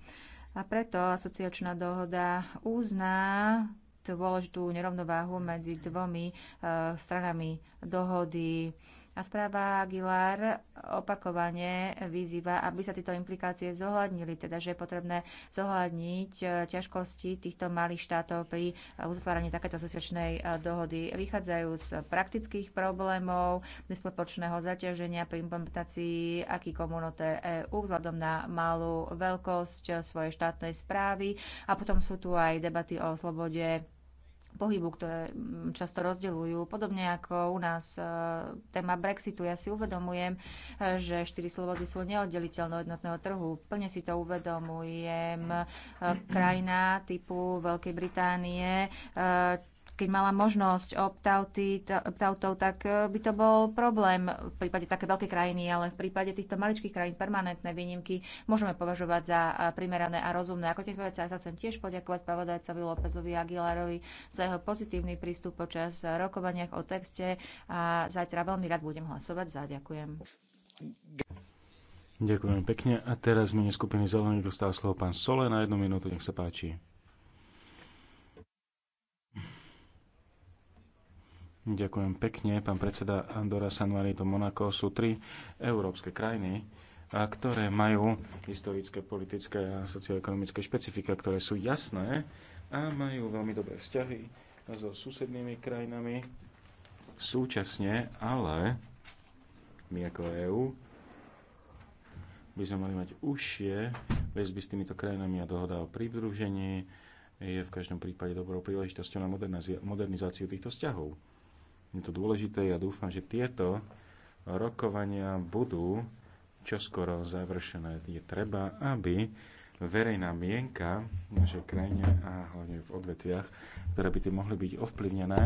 A preto asociačná dohoda uzná dôležitú nerovnováhu medzi dvomi uh, stranami dohody a správa Aguilar opakovane vyzýva, aby sa tieto implikácie zohľadnili, teda že je potrebné zohľadniť e, ťažkosti týchto malých štátov pri e, uzatváraní takéto asociačnej e, dohody. Vychádzajú z praktických problémov, nespočného zaťaženia pri implementácii aký komunoté EU vzhľadom na malú veľkosť svojej štátnej správy. A potom sú tu aj debaty o slobode pohybu, ktoré mm, často rozdeľujú. Podobne ako u nás e, téma Brexitu, ja si uvedomujem, e, že štyri slobody sú neoddeliteľné od jednotného trhu. Plne si to uvedomujem. E, krajina typu Veľkej Británie keď mala možnosť opt-outov, tak e, by to bol problém v prípade také veľkej krajiny, ale v prípade týchto maličkých krajín permanentné výnimky môžeme považovať za e, primerané a rozumné. Ako tie veci, sa chcem tiež poďakovať pravodajcovi Lópezovi Aguilarovi za jeho pozitívny prístup počas rokovaniach o texte a zajtra veľmi rád budem hlasovať za. Ďakujem. Ďakujem pekne. A teraz mene skupiny Zelených dostal slovo pán Sole na jednu minútu. Nech sa páči. Ďakujem pekne. Pán predseda Andora Sanuarito Monako sú tri európske krajiny, a ktoré majú historické, politické a socioekonomické špecifika, ktoré sú jasné a majú veľmi dobré vzťahy so susednými krajinami. Súčasne ale my ako EÚ by sme mali mať užšie väzby s týmito krajinami a dohoda o pridružení je v každom prípade dobrou príležitosťou na modernizáciu týchto vzťahov je to dôležité. Ja dúfam, že tieto rokovania budú čoskoro završené. Je treba, aby verejná mienka v našej krajine a hlavne v odvetviach, ktoré by tým mohli byť ovplyvnené,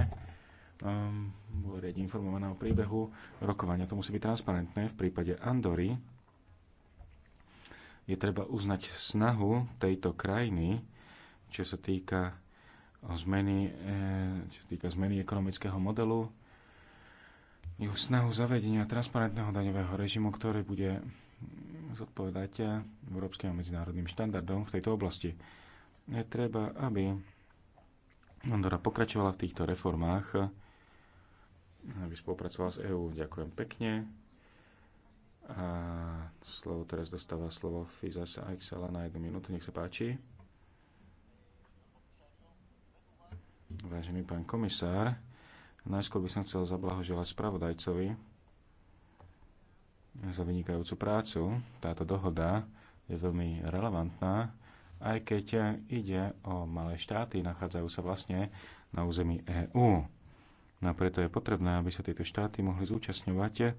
um, bolo riadne informované o príbehu rokovania. To musí byť transparentné. V prípade Andory je treba uznať snahu tejto krajiny, čo sa týka zmeny, eh, čo sa týka zmeny ekonomického modelu jeho snahu zavedenia transparentného daňového režimu, ktorý bude zodpovedať európskym a medzinárodným štandardom v tejto oblasti. Je treba, aby Andorra pokračovala v týchto reformách, aby spolupracovala s EÚ. Ďakujem pekne. A slovo teraz dostáva slovo Fizas a Excela na jednu minútu. Nech sa páči. Vážený pán komisár, Najskôr by som chcel zablahoželať spravodajcovi za vynikajúcu prácu. Táto dohoda je veľmi relevantná, aj keď ide o malé štáty, nachádzajú sa vlastne na území EÚ. No a preto je potrebné, aby sa tieto štáty mohli zúčastňovať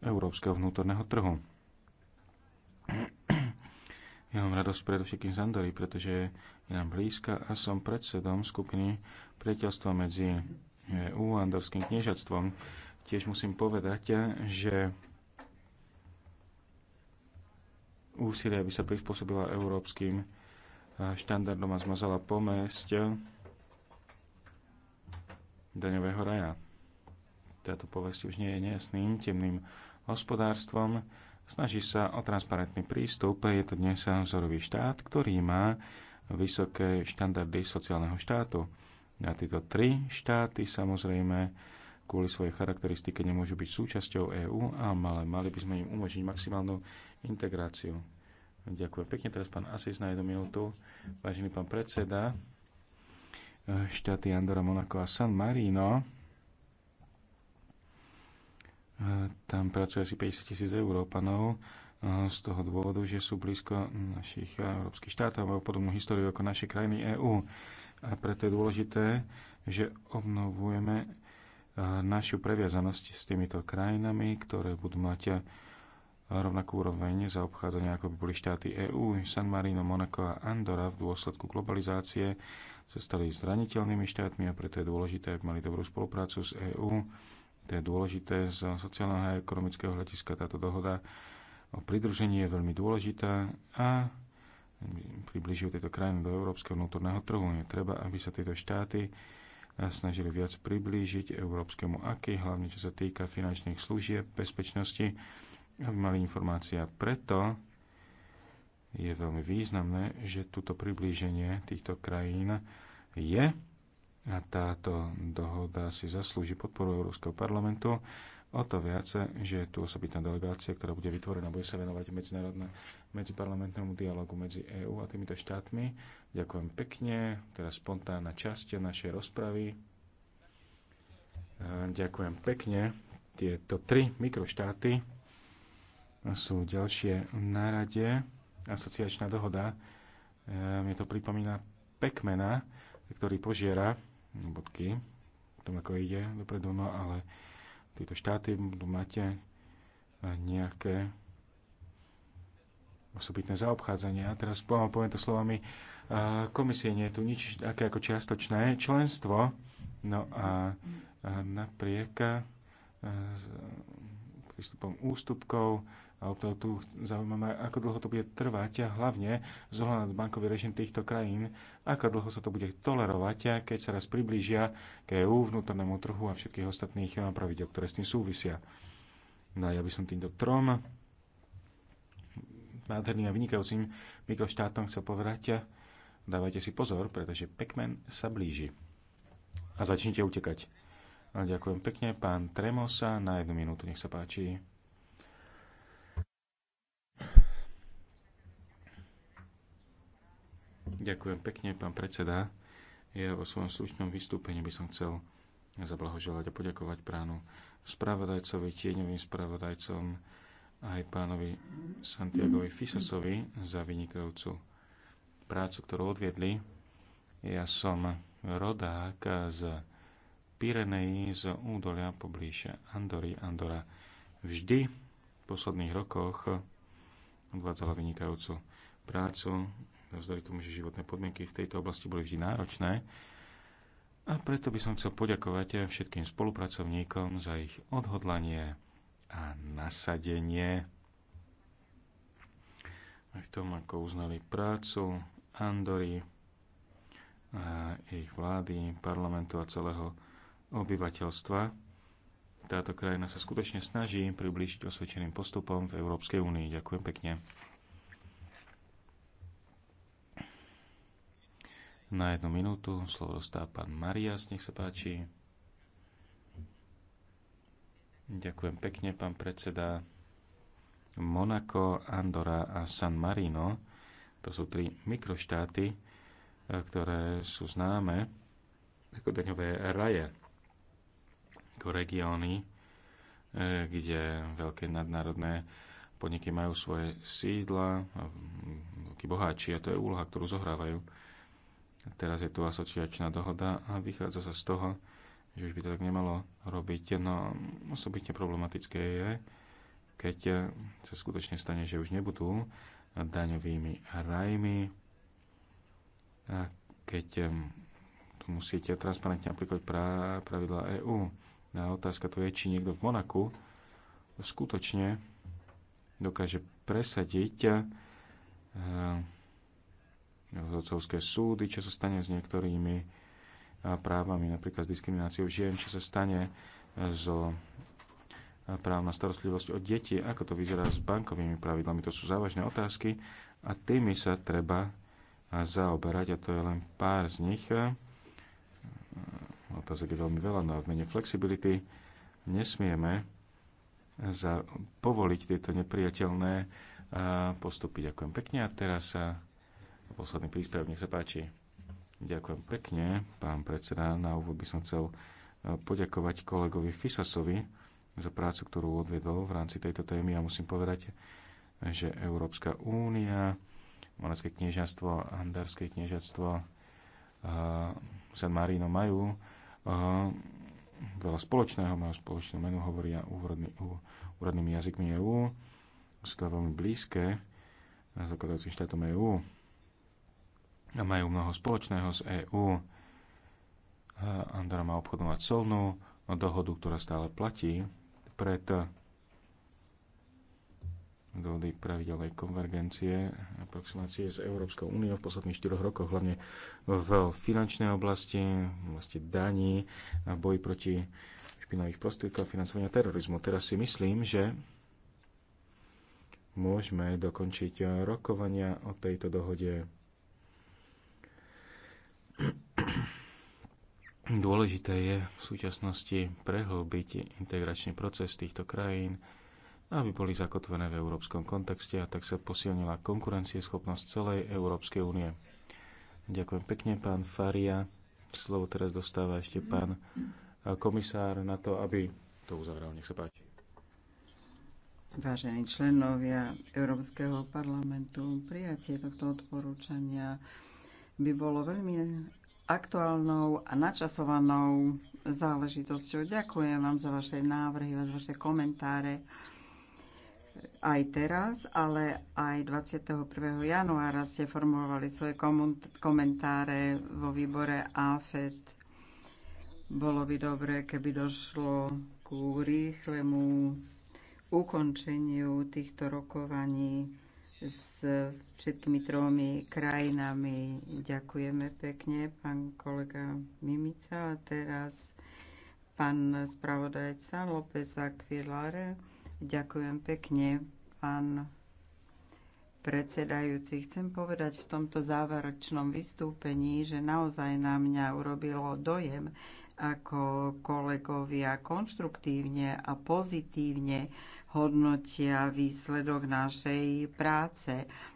európskeho vnútorného trhu. [clears throat] Ja mám radosť predovšetkým z Andory, pretože je nám blízka a som predsedom skupiny priateľstva medzi EU Andorským kniežatstvom. Tiež musím povedať, že úsilie, aby sa prispôsobila európskym e, štandardom a zmazala pomesť daňového raja. Táto povesť už nie je nejasným, temným hospodárstvom. Snaží sa o transparentný prístup. Je to dnes vzorový štát, ktorý má vysoké štandardy sociálneho štátu. A tieto tri štáty samozrejme kvôli svojej charakteristike nemôžu byť súčasťou EÚ, ale mali by sme im umožniť maximálnu integráciu. Ďakujem pekne. Teraz pán Asis na jednu minútu. Vážený pán predseda, štáty Andora, Monako a San Marino. Tam pracuje asi 50 tisíc Európanov z toho dôvodu, že sú blízko našich európskych štátov a podobnú históriu ako naše krajiny EÚ. A preto je dôležité, že obnovujeme eh, našu previazanosť s týmito krajinami, ktoré budú mať eh, rovnakú úroveň za obchádzanie, ako by boli štáty EÚ, San Marino, Monaco a Andorra v dôsledku globalizácie sa stali zraniteľnými štátmi a preto je dôležité, aby mali dobrú spoluprácu s EÚ. To je dôležité z sociálneho a ekonomického hľadiska táto dohoda o pridružení je veľmi dôležitá a približujú tieto krajiny do európskeho vnútorného trhu. Je treba, aby sa tieto štáty eh, snažili viac priblížiť európskemu aky, hlavne čo sa týka finančných služieb, bezpečnosti, aby mali informácia. Preto je veľmi významné, že toto priblíženie týchto krajín je a táto dohoda si zaslúži podporu Európskeho parlamentu O to viac, že je tu osobitná delegácia, ktorá bude vytvorená, bude sa venovať medzinárodné, medziparlamentnému dialogu medzi EÚ a týmito štátmi. Ďakujem pekne. Teraz spontánna časť našej rozpravy. E, ďakujem pekne. Tieto tri mikroštáty sú ďalšie na rade. Asociačná dohoda. E, mne to pripomína Pekmena, ktorý požiera no bodky, tom ako ide dopredu, no ale tieto štáty budú mať eh, nejaké osobitné zaobchádzanie. A teraz poviem to slovami eh, komisie, nie je tu nič také ako čiastočné členstvo. No a, a eh, napriek prístupom ústupkov ale to tu zaujímame, ako dlho to bude trvať a hlavne zohľadom bankový režim týchto krajín, ako dlho sa to bude tolerovať, a keď sa raz priblížia k EU, vnútornému trhu a všetkých ostatných pravidel, ktoré s tým súvisia. No a ja by som týmto trom nádherným a vynikajúcim mikroštátom chcel povedať, dávajte si pozor, pretože Pekmen sa blíži. A začnite utekať. A ďakujem pekne, pán Tremosa, na jednu minútu, nech sa páči. Ďakujem pekne, pán predseda. Ja vo svojom slušnom vystúpení by som chcel zablahoželať a poďakovať pránu spravodajcovi, tieňovým spravodajcom aj pánovi Santiagovi Fisasovi za vynikajúcu prácu, ktorú odviedli. Ja som rodák z Pireneí z údolia poblíž Andory. Andora vždy v posledných rokoch odvádzala vynikajúcu prácu navzdory tomu, že životné podmienky v tejto oblasti boli vždy náročné. A preto by som chcel poďakovať všetkým spolupracovníkom za ich odhodlanie a nasadenie v tom, ako uznali prácu Andory, a ich vlády, parlamentu a celého obyvateľstva. Táto krajina sa skutočne snaží priblížiť osvedčeným postupom v Európskej únii. Ďakujem pekne. na jednu minútu. Slovo dostáva pán Marias, nech sa páči. Ďakujem pekne, pán predseda. Monako, Andora a San Marino, to sú tri mikroštáty, e, ktoré sú známe ako daňové raje, ako regióny, e, kde veľké nadnárodné podniky majú svoje sídla, veľkí boháči a to je úloha, ktorú zohrávajú Teraz je tu asociačná dohoda a vychádza sa z toho, že už by to tak nemalo robiť. No osobitne problematické je, keď sa skutočne stane, že už nebudú daňovými rajmi, a keď tu musíte transparentne aplikovať pra, pravidla EÚ. A otázka tu je, či niekto v Monaku skutočne dokáže presadiť eh, rozhodcovské súdy, čo sa stane s niektorými e, právami, napríklad s diskrimináciou žien, čo sa stane e, so e, práv na starostlivosť o deti, ako to vyzerá s bankovými pravidlami. To sú závažné otázky a tými sa treba zaoberať a to je len pár z nich. Otázek je veľmi veľa, no a v mene flexibility nesmieme za, povoliť tieto nepriateľné postupy. Ďakujem pekne a teraz sa posledný príspevok, nech sa páči. Ďakujem pekne, pán predseda. Na úvod by som chcel eh, poďakovať kolegovi Fisasovi za prácu, ktorú odvedol v rámci tejto témy. a musím povedať, že Európska únia, Monacké kniežatstvo, Andarské kniežatstvo, eh, San Marino majú eh, veľa spoločného, majú spoločnú menu, hovoria úradnými jazykmi EÚ, sú to veľmi blízke zakladajúcim štátom EÚ a majú mnoho spoločného s EÚ. Andorra má obchodovať solnú dohodu, ktorá stále platí pred dohody pravidelnej konvergencie a aproximácie s Európskou úniou v posledných 4 rokoch, hlavne v finančnej oblasti, v oblasti daní, boji proti špinavých prostriedkov a financovania terorizmu. Teraz si myslím, že môžeme dokončiť rokovania o tejto dohode Dôležité je v súčasnosti prehlbiť integračný proces týchto krajín, aby boli zakotvené v európskom kontexte a tak sa posilnila konkurencieschopnosť celej Európskej únie. Ďakujem pekne, pán Faria. Slovo teraz dostáva ešte pán komisár na to, aby to uzavrel. Nech sa páči. Vážení členovia Európskeho parlamentu, prijatie tohto odporúčania by bolo veľmi aktuálnou a načasovanou záležitosťou. Ďakujem vám za vaše návrhy, za vaše komentáre aj teraz, ale aj 21. januára ste formulovali svoje komentáre vo výbore AFED. Bolo by dobre, keby došlo ku rýchlemu ukončeniu týchto rokovaní s všetkými tromi krajinami. Ďakujeme pekne, pán kolega Mimica. A teraz pán spravodajca López Aquilar. Ďakujem pekne, pán predsedajúci. Chcem povedať v tomto záverečnom vystúpení, že naozaj na mňa urobilo dojem, ako kolegovia konštruktívne a pozitívne hodnotia výsledok našej práce.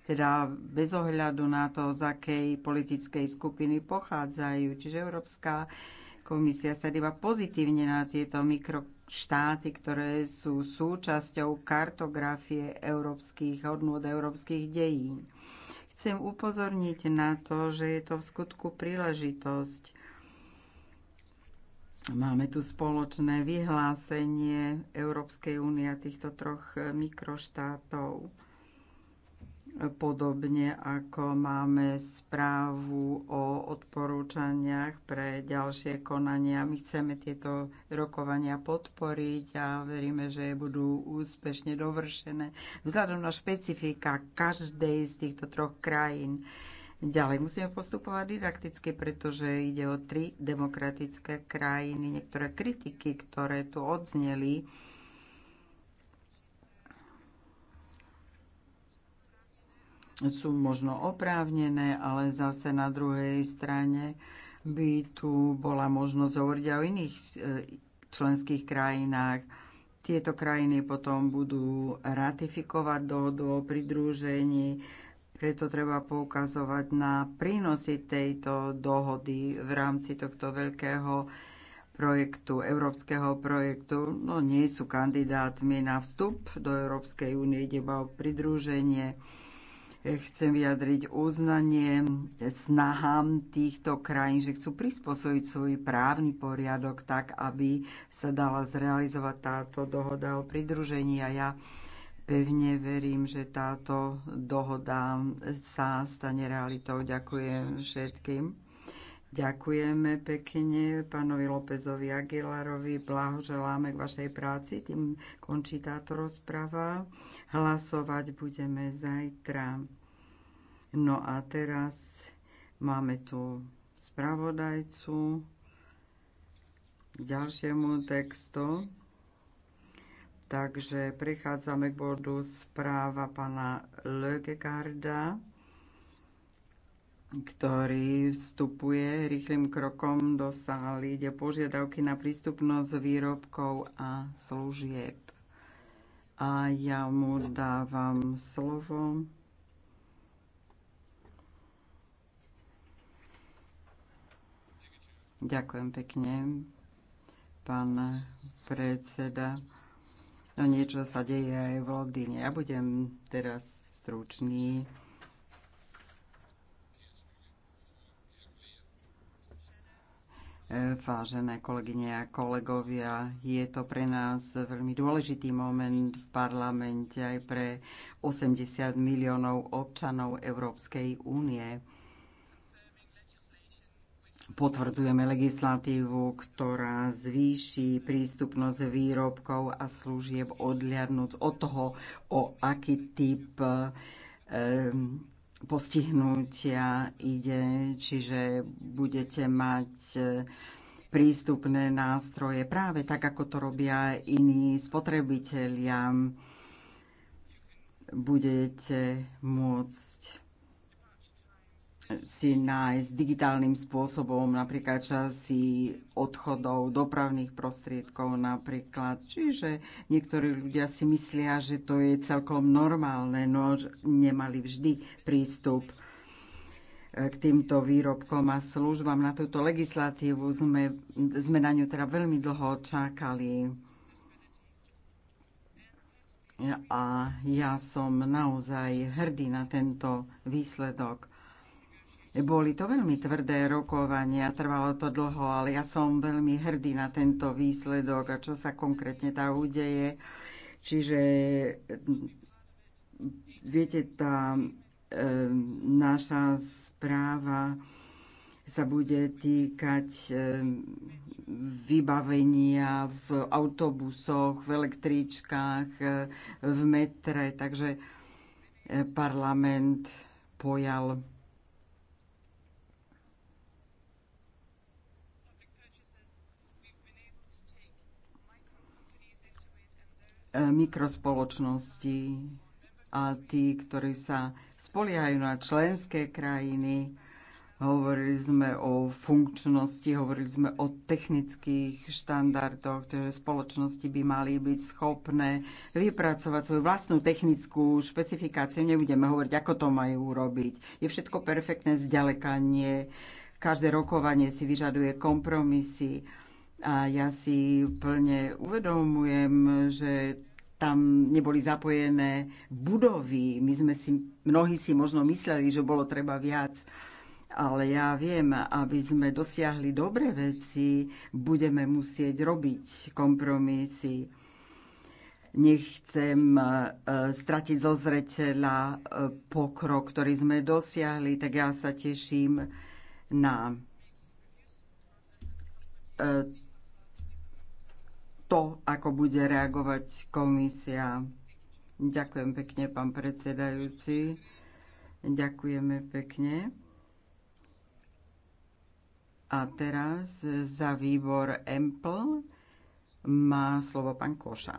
Teda bez ohľadu na to, z akej politickej skupiny pochádzajú. Čiže Európska komisia sa díva pozitívne na tieto mikroštáty, ktoré sú súčasťou kartografie európskych hodnot, európskych dejín. Chcem upozorniť na to, že je to v skutku príležitosť Máme tu spoločné vyhlásenie Európskej únie a týchto troch mikroštátov. Podobne ako máme správu o odporúčaniach pre ďalšie konania. My chceme tieto rokovania podporiť a veríme, že budú úspešne dovršené vzhľadom na špecifika každej z týchto troch krajín. Ďalej musíme postupovať didakticky, pretože ide o tri demokratické krajiny. Niektoré kritiky, ktoré tu odzneli, sú možno oprávnené, ale zase na druhej strane by tu bola možnosť hovoriť aj o iných e, členských krajinách. Tieto krajiny potom budú ratifikovať dohodu o pridružení preto treba poukazovať na prínosy tejto dohody v rámci tohto veľkého projektu, európskeho projektu. No nie sú kandidátmi na vstup do Európskej únie, ide iba o pridruženie. Chcem vyjadriť uznanie snahám týchto krajín, že chcú prispôsobiť svoj právny poriadok tak, aby sa dala zrealizovať táto dohoda o pridružení. A ja Pevne verím, že táto dohoda sa stane realitou. Ďakujem všetkým. Ďakujeme pekne pánovi Lópezovi Aguilarovi, blahoželáme k vašej práci, tým končí táto rozprava. Hlasovať budeme zajtra. No a teraz máme tu spravodajcu k ďalšiemu textu. Takže prechádzame k bodu správa pána Lögegarda, ktorý vstupuje rýchlým krokom do sály, kde požiadavky na prístupnosť výrobkov a služieb. A ja mu dávam slovo. Ďakujem pekne, pán predseda. No niečo sa deje aj v Londýne. Ja budem teraz stručný. E, vážené kolegyne a kolegovia, je to pre nás veľmi dôležitý moment v parlamente aj pre 80 miliónov občanov Európskej únie Potvrdzujeme legislatívu, ktorá zvýši prístupnosť výrobkov a služieb odliadnúc od toho, o aký typ postihnutia ide, čiže budete mať e, prístupné nástroje práve tak, ako to robia iní spotrebitelia. Budete môcť si nájsť digitálnym spôsobom napríklad časy odchodov, dopravných prostriedkov napríklad. Čiže niektorí ľudia si myslia, že to je celkom normálne, no nemali vždy prístup e, k týmto výrobkom a službám. Na túto legislatívu sme, sme na ňu teda veľmi dlho čakali. A ja som naozaj hrdý na tento výsledok. Boli to veľmi tvrdé rokovania, trvalo to dlho, ale ja som veľmi hrdý na tento výsledok a čo sa konkrétne tá udeje. Čiže mm, viete, tá e, naša správa sa bude týkať e, vybavenia v autobusoch, v električkách, e, v metre, takže e, parlament pojal E, mikrospoločnosti a tí, ktorí sa spoliehajú na členské krajiny. Hovorili sme o funkčnosti, hovorili sme o technických štandardoch, že spoločnosti by mali byť schopné vypracovať svoju vlastnú technickú špecifikáciu. Nebudeme hovoriť, ako to majú urobiť. Je všetko perfektné, zďaleka nie. Každé rokovanie si vyžaduje kompromisy a ja si plne uvedomujem, že tam neboli zapojené budovy. My sme si, mnohí si možno mysleli, že bolo treba viac. Ale ja viem, aby sme dosiahli dobré veci, budeme musieť robiť kompromisy. Nechcem e, stratiť zo zreteľa e, pokrok, ktorý sme dosiahli, tak ja sa teším na e, to, ako bude reagovať komisia. Ďakujem pekne, pán predsedajúci. Ďakujeme pekne. A teraz za výbor EMPL má slovo pán Koša.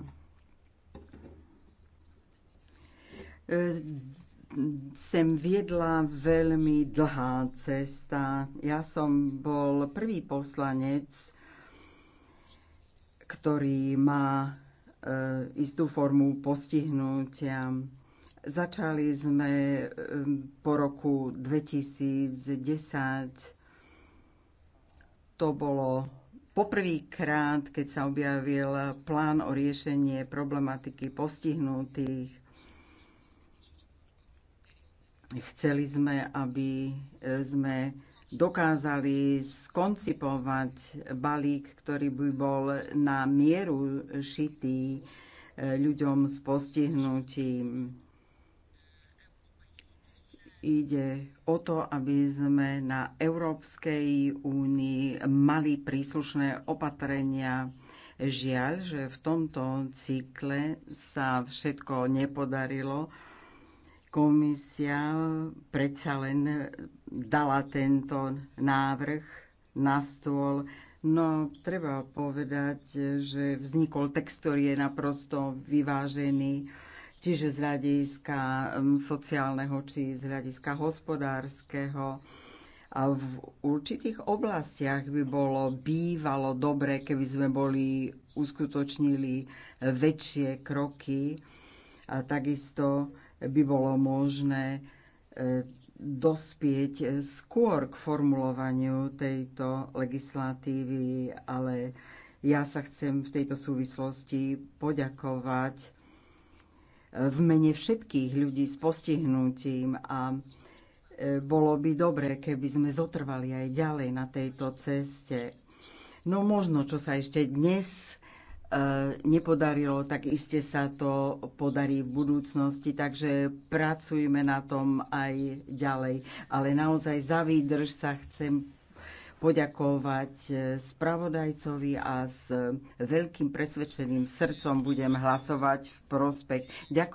Sem viedla veľmi dlhá cesta. Ja som bol prvý poslanec, ktorý má e, istú formu postihnutia. Začali sme e, po roku 2010. To bolo poprvýkrát, keď sa objavil plán o riešenie problematiky postihnutých. Chceli sme, aby e, sme dokázali skoncipovať balík, ktorý by bol na mieru šitý e, ľuďom s postihnutím. Ide o to, aby sme na Európskej únii mali príslušné opatrenia. Žiaľ, že v tomto cykle sa všetko nepodarilo komisia predsa len dala tento návrh na stôl. No, treba povedať, že vznikol text, ktorý je naprosto vyvážený, čiže z hľadiska sociálneho, či z hľadiska hospodárskeho. A v určitých oblastiach by bolo bývalo dobre, keby sme boli uskutočnili väčšie kroky. A takisto by bolo možné e, dospieť skôr k formulovaniu tejto legislatívy, ale ja sa chcem v tejto súvislosti poďakovať e, v mene všetkých ľudí s postihnutím a e, bolo by dobre, keby sme zotrvali aj ďalej na tejto ceste. No možno, čo sa ešte dnes E, nepodarilo, tak iste sa to podarí v budúcnosti, takže pracujme na tom aj ďalej. Ale naozaj za výdrž sa chcem poďakovať e, spravodajcovi a s veľkým presvedčeným srdcom budem hlasovať v prospech. Ďakujem.